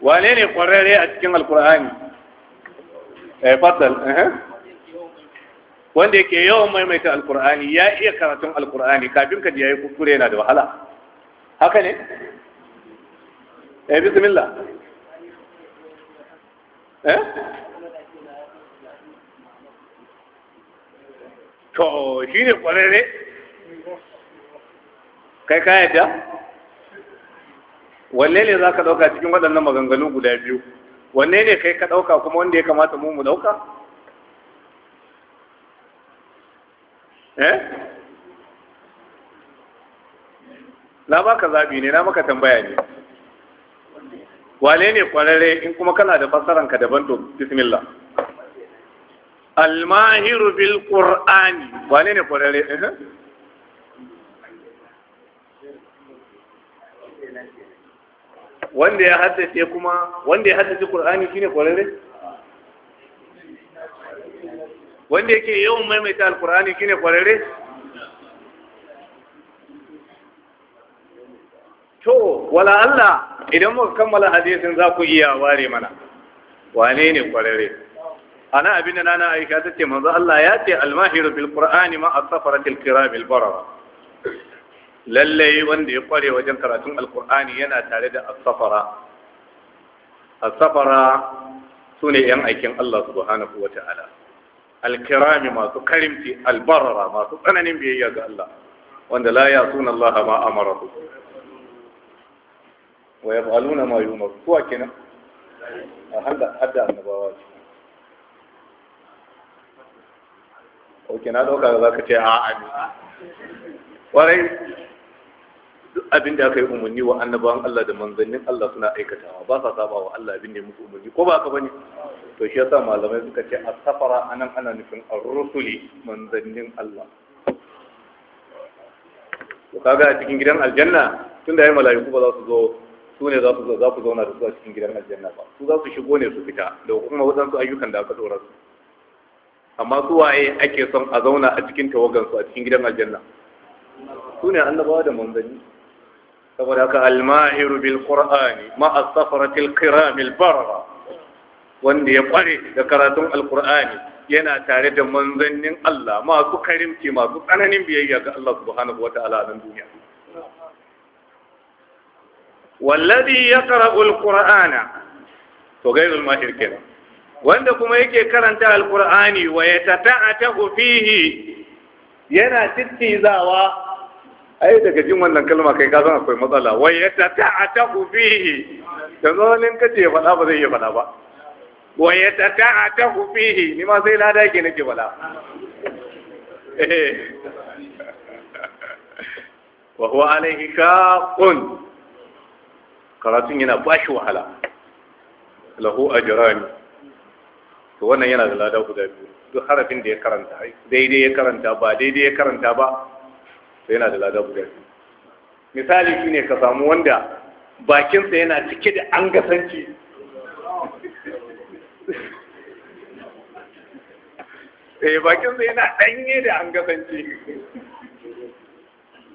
wane ne kwararre a cikin alqur'ani eh fatal eh wanda yake yawan maimaita alkur'ani ya iya karatun alkur'ani kafin ka ji yayi kuskure yana da wahala haka ne eh bismillah eh to shi ne kwararre kai ka yadda wanne ne za ka ɗauka cikin waɗannan maganganu guda biyu wanne ne kai ka ɗauka kuma wanda ya kamata mu mu ɗauka eh na baka zabi ne na maka tambaya ne wale ne kwararre in kuma kana da fasaranka daban to bismillah almahiru bil qur'ani wane ne kwararre eh? wanda ya haddace kuma wanda ya haddace Qur'ani shine kwararre wanda yake yawan maimaita al alkur'ani shine kwararre to wala Allah idan muka kammala hadisin za ku iya ware mana wane ne kwararre ana abin da nana aisha tace manzo Allah ya ce al almahiru bil qur'ani ma as-safaratil kiramil barara lallai wanda ya kware wajen karatun alkur'ani yana tare da asafara asafara su ne yan aikin Allah subhanahu wa ta'ala alkirami masu karimci albarara masu tsananin biyayya ga Allah wanda la ya suna Allah ma amara su wa ya faluna ma yi umaru suwa kenan a hada annabawa ce ok na ɗauka za ka ce a'a ne duk abin da aka yi umarni wa annabawan Allah da manzannin Allah suna aikatawa ba sa saba wa Allah abin da ya musu umarni ko ba ka bane to shi yasa malamai suka ce a safara anan ana nufin ar-rusuli manzannin Allah to kaga a cikin gidan aljanna tunda yayin malaiku ba za su zo su ne za su zo za ku zauna da su a cikin gidan aljanna ba su za su shigo ne su fita da kuma wadansu ayyukan da aka dora su amma su waye ake son a zauna a cikin tawagansu a cikin gidan aljanna su ne annabawa da manzanni saboda haka almahiru bil qur'ani ma as-safaratil kiramil barra wanda ya kware da karatun alqur'ani yana tare da manzannin Allah masu karimci masu tsananin biyayya ga Allah subhanahu wataala nan duniya wallazi yaqra'u alqur'ana to gairul mahir kenan wanda kuma yake karanta alqur'ani wa yatata'atu fihi yana tittizawa ai daga jin wannan kalma kai ka san akwai matsala wai ya ta ta'ata fihi yanzu wani kace ya faɗa ba zai iya faɗa ba wai ya ta ta'ata fihi ni ma sai lada yake nake faɗa eh. wa huwa alaihi shaqun karatun yana ba shi wahala lahu ajrani to wannan yana da lada guda biyu duk harafin da ya karanta daidai ya karanta ba daidai ya karanta ba Sai yana da lada guda misali shi ne ka samu wanda bakinsa yana cike da an gasanci eh bakinsa yana ɗanye da an gasanci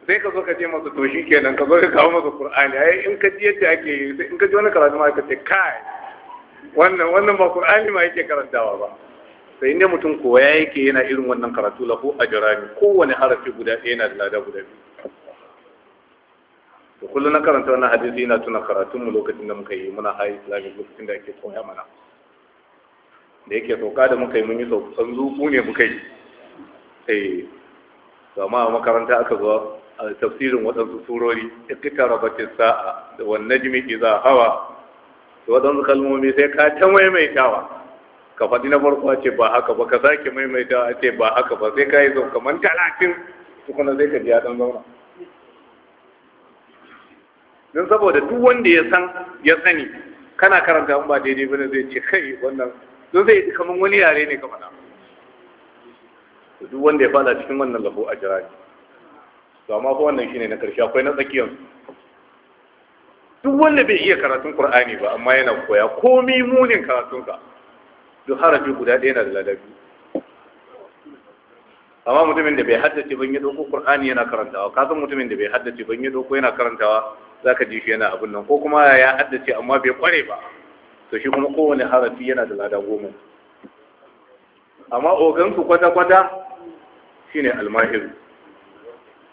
sai ka zo ka ce masa to kenan ka zo ka kawo masa ƙur'ani, ai in ka ji yadda ake yi, in ka ji wani karatu ma ka ce kai wannan wannan ba ƙur'ani ma yake karantawa ba sai ne mutum koya yake yana irin wannan karatu lafu a jirami kowane harafi guda ɗaya yana da lada guda biyu to kullum na karanta wannan hadisi yana tuna karatunmu lokacin da muka yi muna hayi islami lokacin da ake koya mana da yake sauka da muka yi mun yi saukan zuku ne muka yi sai eh, zama a makaranta aka zo a tafsirin waɗansu surori ikita rabatin sa'a da wannan jimi a hawa da waɗansu kalmomi sai ka ta maimaitawa ka faɗi na farko a ce ba haka ba ka sake maimaita a ce ba haka ba sai ka yi zo kamar talatin tukuna zai ka ji haɗin zauna don saboda duk wanda ya san ya sani kana karanta ba daidai bane zai ce kai wannan don zai yi kamar wani yare ne kamar duk wanda ya fada cikin wannan lafo a jira ne to amma ko wannan shine na karshe akwai na tsakiyar duk wanda bai iya karatun qur'ani ba amma yana koya komi munin karatunka duk harafi guda ɗaya na da ladabi amma mutumin da bai haddace ban yi ɗauko ƙur'ani yana karantawa ka san mutumin da bai haddace ban yi ɗauko yana karantawa za ka ji shi yana abin nan ko kuma ya haddace amma bai ƙware ba to shi kuma kowane harafi yana da lada goma amma ogansu kwata-kwata shine almahiru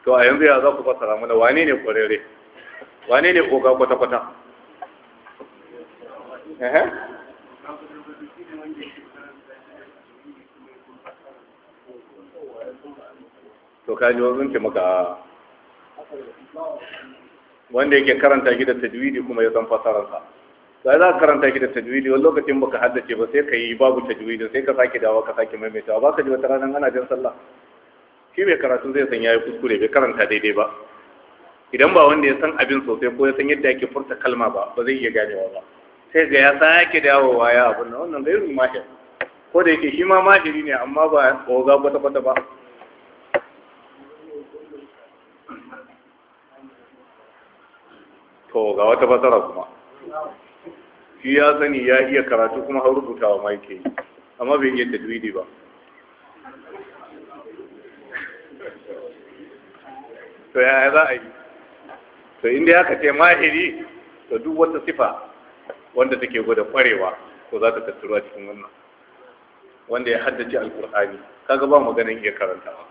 to a yanzu ya za ku fasara mana wane ne ƙwararre wane ne oga kwata-kwata to kaji wasu ce maka wanda yake karanta ki tajwidi kuma ya san fasararsa sai za ka karanta ki tajwidi wani lokacin baka haddace ba sai ka yi babu tajwidi sai ka sake dawo ka sake maimaitawa ba ka ji wata ranar ana jan sallah shi mai karatu zai san yayi kuskure bai karanta daidai ba idan ba wanda ya san abin sosai ko ya san yadda ake furta kalma ba ba zai iya ganewa ba sai ga ya sake dawowa ya abun nan wannan gairin mahir ko da yake shi ma mahiri ne amma ba oga kwata-kwata ba to ga wata fasara kuma shi ya sani ya iya karatu kuma har rubutawa ma yake amma bai iya tajwidi ba to yaya za a yi to inda ya kace mahiri to duk wata sifa wanda take gwada kwarewa ko za ta tattaro a cikin wannan wanda ya haddace alkur'ani kaga ba maganin iya karantawa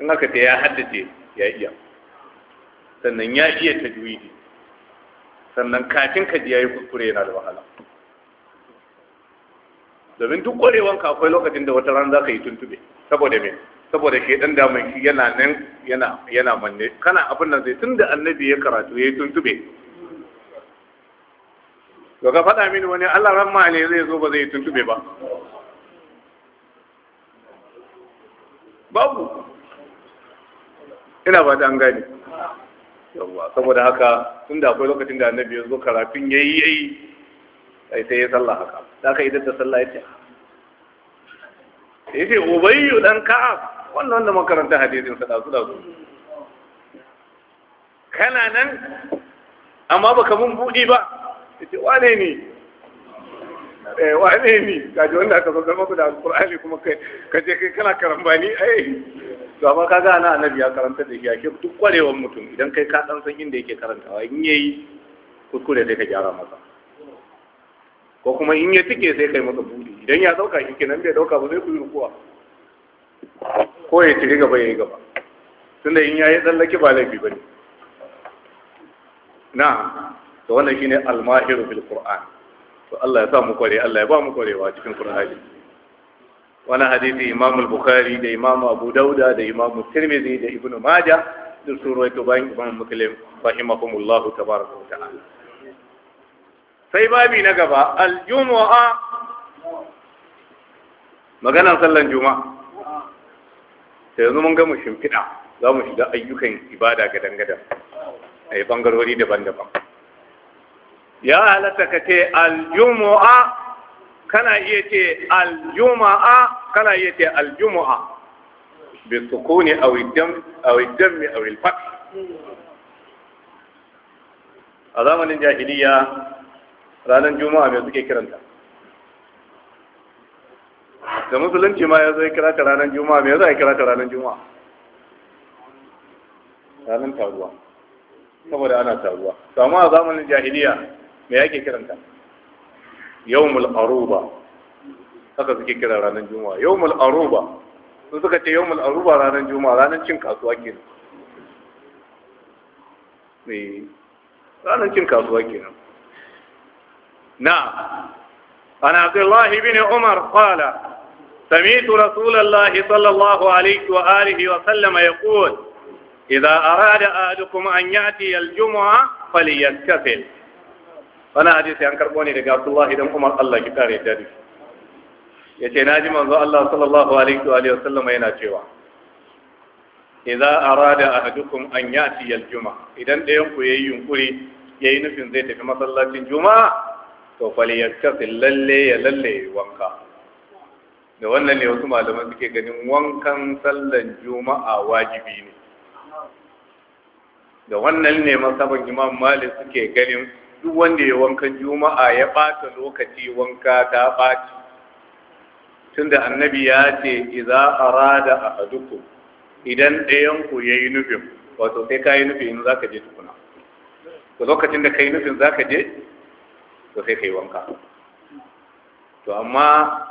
in aka ce ya haddace ya iya sannan ya iya tajwidi sannan kafin ka ji yayi kuskure yana da wahala domin duk ƙwarewan ka akwai lokacin da wata ran za ka yi tuntube saboda me saboda ke dan damun shi yana nan yana yana manne kana abin nan sai tunda annabi ya karatu yayi tuntube to ka faɗa mini wani Allah ma ne zai zo ba zai tuntube ba babu ina ba ta an gani. yawwa saboda haka tun da akwai lokacin da annabi ya zo karafin ya yi ya yi sai ya sallah haka da aka idan da sallah ya ce ya ce ubayyu dan ka'ab wannan wanda makaranta hadisin sa da su da su kana nan amma baka mun buɗi ba ya ce wane ne eh wane ne kaji wanda aka saukar masa da alkur'ani kuma ka je kai kana karambani ai to amma ka ga na annabi ya karanta da shi ake duk kwarewar mutum idan kai ka dan san inda yake karantawa in yayi kuskure sai ka gyara masa ko kuma in ya tike sai kai masa budi idan ya dauka shi kenan bai dauka ba sai ku yi rukuwa ko ya tike gaba ya yi gaba tunda in ya yi tsallake ba laifi ba ne. na to wannan shine al-mahiru bil qur'an to Allah ya sa mu kware Allah ya ba mu kwarewa cikin Qur'ani wani hadisi Imam al-Bukhari da Imam Abu Dauda da Imam Tirmidhi da Ibn Majah da surai to ban Imam Muslim rahimahumullah tabaraka wa ta'ala sai babi na gaba al-jumu'a maganar sallan juma'a sai yanzu mun gama shimfiɗa za mu shiga ayyukan ibada ga dangadan a bangarori daban-daban ya halatta ka ce aljumu'a kana iya ce aljumu'a kana iya ce aljumu'a bi sukuni aw dam aw dam aw al a zamanin jahiliya ranar juma'a me suke kiranta da musulunci ma ya zai kira ta ranar juma'a me zai kira ta ranar juma'a ranar taruwa saboda ana taruwa samuwa a zamanin jahiliya me yake ta yawmul aruba haka suke kira ranar juma'a yawmul aruba sun suka ce yawmul aruba ranar juma'a ranar cin kasuwa kenan ne ranar cin kasuwa kenan na ana عبد الله بن عمر قال سمعت رسول الله صلى الله عليه وآله وسلم يقول إذا أراد أحدكم أن يأتي الجمعة فليتكفل wani hadisi an karɓo ne daga Abdullah idan Umar Allah ki kare da yace na ji manzo Allah sallallahu alaihi wa sallam yana cewa idza arada ahadukum an yati aljuma idan ɗayan ku yayi yunkuri yayi nufin zai tafi masallacin juma'a to falyaktasil lalle ya lalle wanka da wannan ne wasu malaman suke ganin wankan sallan juma'a wajibi ne da wannan ne masaban imam malik suke ganin duk wanda ya wankan juma'a ya ɓata lokaci wanka ta ɓaci tunda annabi ya ce idza arada ahadukum idan ɗayan ku yayi nufin wato sai ka yi nufin in zaka je tukuna to lokacin da kai nufin zaka je to sai kai wanka to amma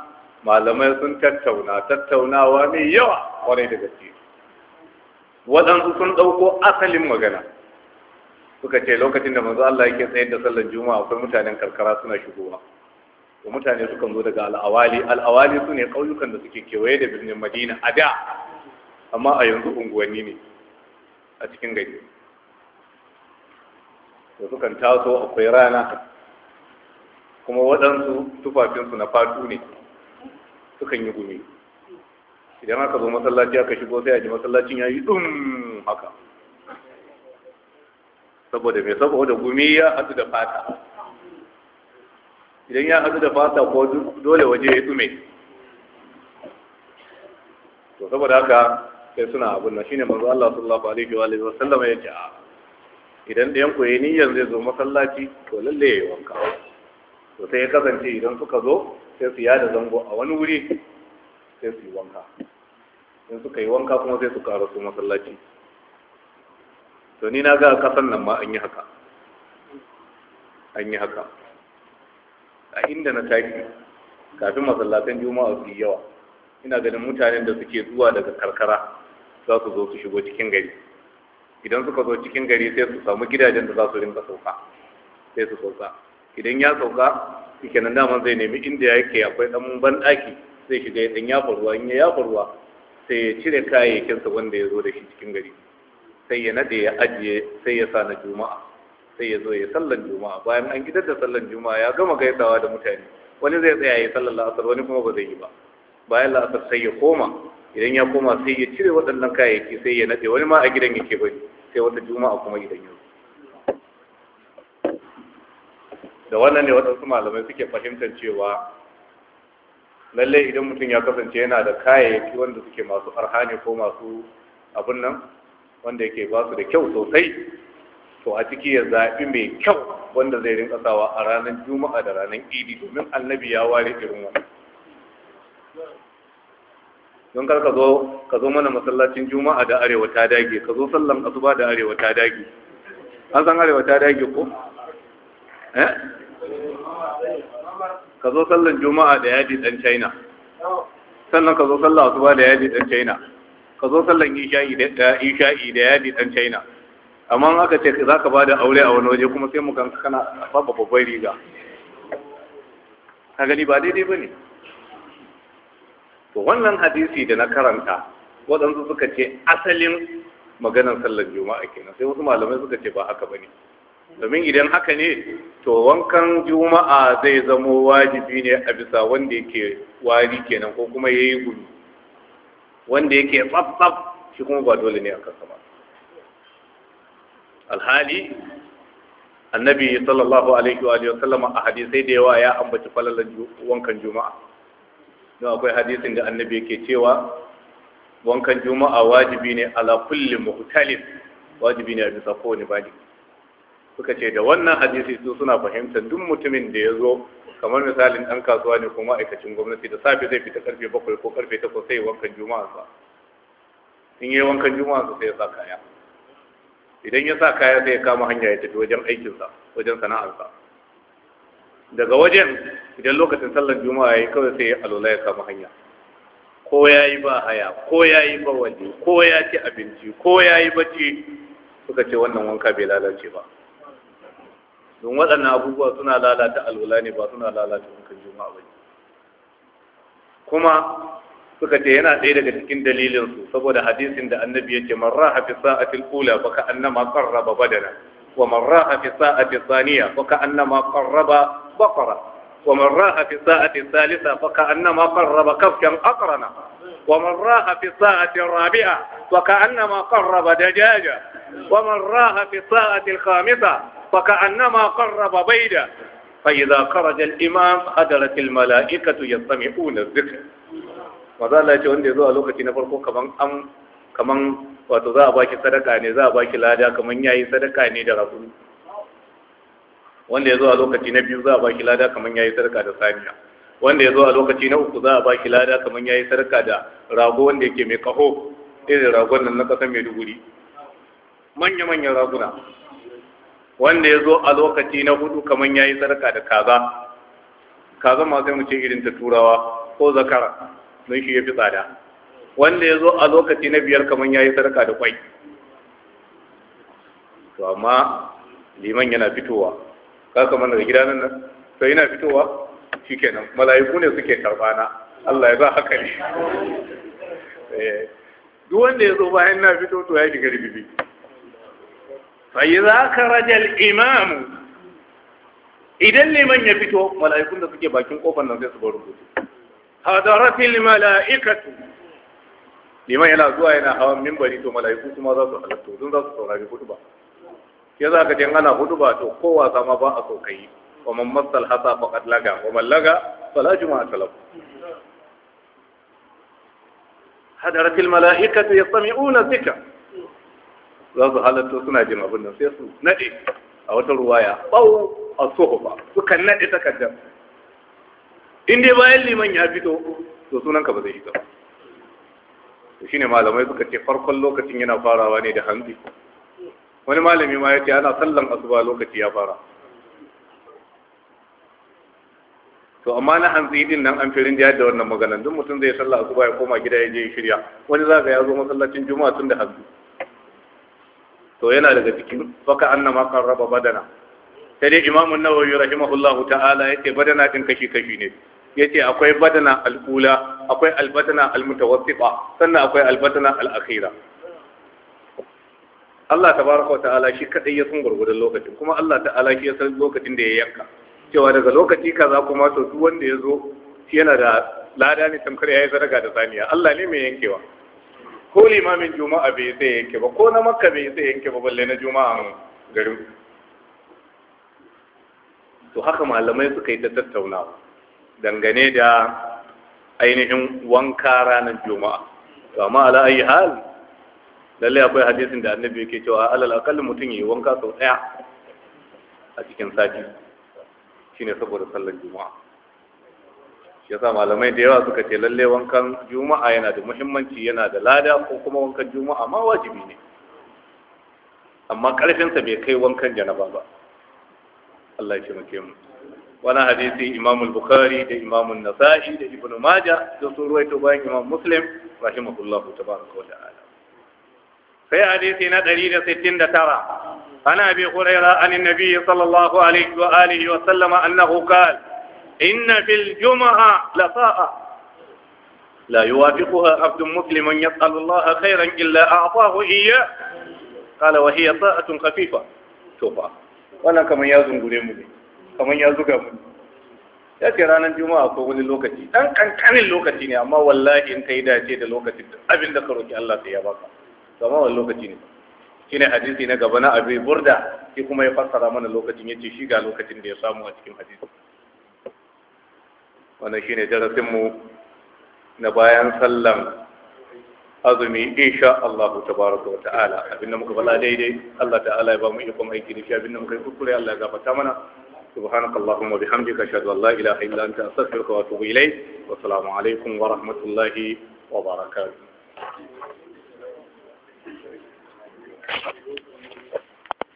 malamai sun tattauna tattaunawa mai yawa kwarai da gaske waɗansu sun ɗauko asalin magana suka ce lokacin da manzo Allah yake tsayar da sallar juma'a akwai mutanen karkara suna shigowa to mutane sukan zo daga al'awali al'awali su ne ƙauyukan da suke kewaye da birnin madina a da amma a yanzu unguwanni ne a cikin gari da sukan taso akwai rana kuma waɗansu tufafinsu na fatu ne sukan yi gumi idan aka zo masallaci aka shigo sai a ji masallacin ya yi ɗum haka saboda mai saboda gumi ya hadu da fata idan ya hadu da fata ko dole waje ya dume to saboda haka sai suna abun na shine manzo Allah sallallahu alaihi wa alihi wasallam ya ce idan ɗayan ku yayin niyyar zai zo masallaci to lalle ya wanka to sai ya kasance idan suka zo sai su yada zango a wani wuri sai su yi wanka in suka yi wanka kuma sai su karo su masallaci to ni na ga kasan nan ma an yi haka an yi haka a inda na tashi kafin masallatan juma'a su yawa ina ganin mutanen da suke zuwa daga karkara za su zo su shigo cikin gari idan suka zo cikin gari sai su samu gidajen da za su rinka sauka sai su sauka idan ya sauka shike nan daman zai nemi inda yake akwai dan ban daki zai shiga ya dan in ya faruwa sai ya cire kayayyakinsa wanda ya zo da shi cikin gari sai ya nade ya ajiye sai ya sa na juma'a sai ya zo ya sallan juma'a bayan an gidar da sallan juma'a ya gama gaisawa da mutane wani zai tsaya ya sallan la'asar wani kuma ba zai yi ba bayan la'asar sai ya koma idan ya koma sai ya cire waɗannan kayayyaki sai ya nade wani ma a gidan yake ba sai wata juma'a kuma gidan yau da wannan ne waɗansu malamai suke fahimtar cewa lallai idan mutum ya kasance yana da kayayyaki wanda suke masu arha ne ko masu abin nan wanda yake ba su da kyau sosai to a ciki ya zaɓi mai kyau wanda zai rinka sawa a ranar juma'a da ranar idi domin annabi ya ware irin wani don kar ka zo ka zo mana masallacin juma'a da arewa ta dage ka zo sallan asuba da arewa ta dage an san arewa ta dage ko eh? ka zo sallan juma'a da yadi dan china sannan ka zo sallan asuba da yadi dan china ka zo sallan isha'i da eh, isha'i da yadi dan china amma aka ce za ka bada aure a wani waje kuma sai mu kan kana babba babbar riga ka gani ba daidai ne. to wannan hadisi da na karanta waɗansu suka ce asalin maganar sallar juma'a kenan sai wasu malamai suka ce ba haka ba ne? domin idan haka ne to wankan juma'a zai zamo wajibi ne a bisa wanda yake wari kenan ko kuma ya yi gudu wanda yake tsaf shi kuma ba dole ne a kansa ba alhali annabi sallallahu alaihi wa sallam a hadisai da yawa ya ambaci falalan wankan juma'a don akwai hadisin da annabi yake cewa wankan juma'a wajibi ne ala kulli muhtalif wajibi ne a bisa kowane bali suka ce da wannan hadisi su suna fahimtar duk mutumin da ya zo kamar misalin ɗan kasuwa ne ko ma'aikacin gwamnati da safe zai fita karfe bakwai ko karfe takwas sai wankan juma'a sa in yi wankan juma'a sa sai ya sa kaya idan ya sa kaya sai ya kama hanya ya tafi wajen aikinsa wajen sana'arsa daga wajen idan lokacin sallar juma'a ya yi kawai sai ya alola ya kama hanya ko ya yi ba haya ko ya yi ba waje ko ya ci abinci ko ya yi bacci suka ce wannan wanka bai lalace ba don waɗannan abubuwa suna lalata alwala ne ba suna lalata wankan juma'a ba kuma suka ce yana ɗaya daga cikin dalilinsu saboda hadisin da annabi yake man raha fi sa'atil ula fa ka annama qarraba badana wa man raha fi sa'atil thaniya fa ka annama qarraba baqara wa man raha fi sa'atil thalitha fa ka annama qarraba kafkan aqrana wa man raha fi sa'atil rabi'a fa ka annama qarraba dajaja wa man raha fi sa'atil khamisa فكأنما قرب بيدا فإذا خرج الإمام حضرت الملائكة يستمعون الذكر maza Allah ce wanda ya zo a lokaci na farko kaman an kaman wato za a baki sadaka ne za a baki lada kaman yayi sadaka ne da rabu wanda ya zo a lokaci na biyu za a baki lada kaman yayi sadaka da saniya wanda ya zo a lokaci na uku za a baki lada kaman yayi sadaka da rago wanda yake mai kaho irin ragon nan na kasan mai duguri manya-manyan raguna wanda ya zo a lokaci na hudu kamar ya yi sadaka da kaza kaza ma sai mu ce irin ta turawa ko zakara don shi ya fi tsada wanda ya zo a lokaci na biyar kamar ya yi sadaka da kwai to amma liman yana fitowa ka kamar daga gida nan sai yana fitowa shi kenan mala'iku ne suke karɓana Allah ya ba haka ne eh. duk wanda ya zo bayan na fito to ya shiga ribibi فإذا خرج الإمام idan liman ya fito mala'ikun da suke bakin kofar nan sai su bar rubutu hadaratil mala'ikatu liman yana zuwa yana hawan mimbari to mala'iku kuma za su halatta sun za su saurari huduba ya za ka je ana huduba to kowa sama ba a saukayi wa man masal hasa faqad laga wa man laga fala juma'a talab hadaratil mala'ikatu yastami'una dhikra za su halatto suna jin abin nan sai su nade a wata ruwaya bau a sohofa suka nade takardar in dai bayan liman ya fito to sunan ka ba zai fito to ne malamai suka ce farkon lokacin yana farawa ne da hanzi wani malami ma ya ce ana sallan asuba lokaci ya fara to amma na hanzi din nan an firin jayar da wannan maganan duk mutum zai sallah asuba ya koma gida ya je ya shirya wani za ka ya zo masallacin juma'a tun da hanzi to yana daga cikin faka annama kan raba badana sai dai imamun nawawi rahimahullahu ta'ala ya ce badana din kashi kashi ne Ya ce akwai badana al'ula, akwai al-badana al-mutawassita sannan akwai al-badana al-akhira Allah tabaraka wa ta'ala shi kadai ya san gwargwadon lokacin kuma Allah ta'ala shi ya san lokacin da ya yanka cewa daga lokaci kaza kuma to duk wanda ya zo yana da lada ne tamkar ya yi zaraga da saniya Allah ne mai yankewa ko limamin juma'a bai zai yanke ba ko na makka bai zai yanke ba balle na juma'a garin to haka malamai suka yi ta tattaunawa dangane da ainihin wanka ranar juma'a to amma ala ayi hal lalle akwai hadisin da annabi yake cewa alal aqall mutum yi wanka sau daya a cikin sati shine saboda sallar juma'a yasa malamai da yawa suka ce lalle wankan juma'a yana da muhimmanci yana da lada ko kuma wankan juma'a ma wajibi ne amma karfinsa bai kai wankan janaba ba Allah ya ce muke mu wani hadisi Imam bukhari da Imam an-Nasa'i da Ibn Majah da sun ruwaito bayan Imam Muslim rahimahullahu tabaraka wa ta'ala sai hadisi na 169 ana bi hurairah an an-nabi sallallahu alaihi wa alihi wa sallama annahu qala إن في الجمعة لطاعة لا يوافقها عبد مسلم يسأل الله خيرا إلا أعطاه إياه قال وهي طاعة خفيفة توبة وأنا كمن يازن قريمني كما يزن قريمني يا كرانا الجمعة قولي لوكتي أنا كان كان لوكتي أما والله إن كيدا جيد لوكتي أبن ذكرك الله سيابك فما هو لوكتي كنا حديثنا قبنا أبي بردة كما يفسر من لوكتي يتشيك لوكتي يسامو أتكم حديث wannan shine darasinmu na bayan sallan azumi insha Allah tabaraka wa ta'ala abinda muka faɗa daidai Allah ta'ala ya ba mu ikon aiki da shi abinda muka yi kuskure Allah ya gafarta mana سبحانك اللهم وبحمدك أشهد أن لا إله إلا أنت أستغفرك وأتوب إليك والسلام wa ورحمة الله وبركاته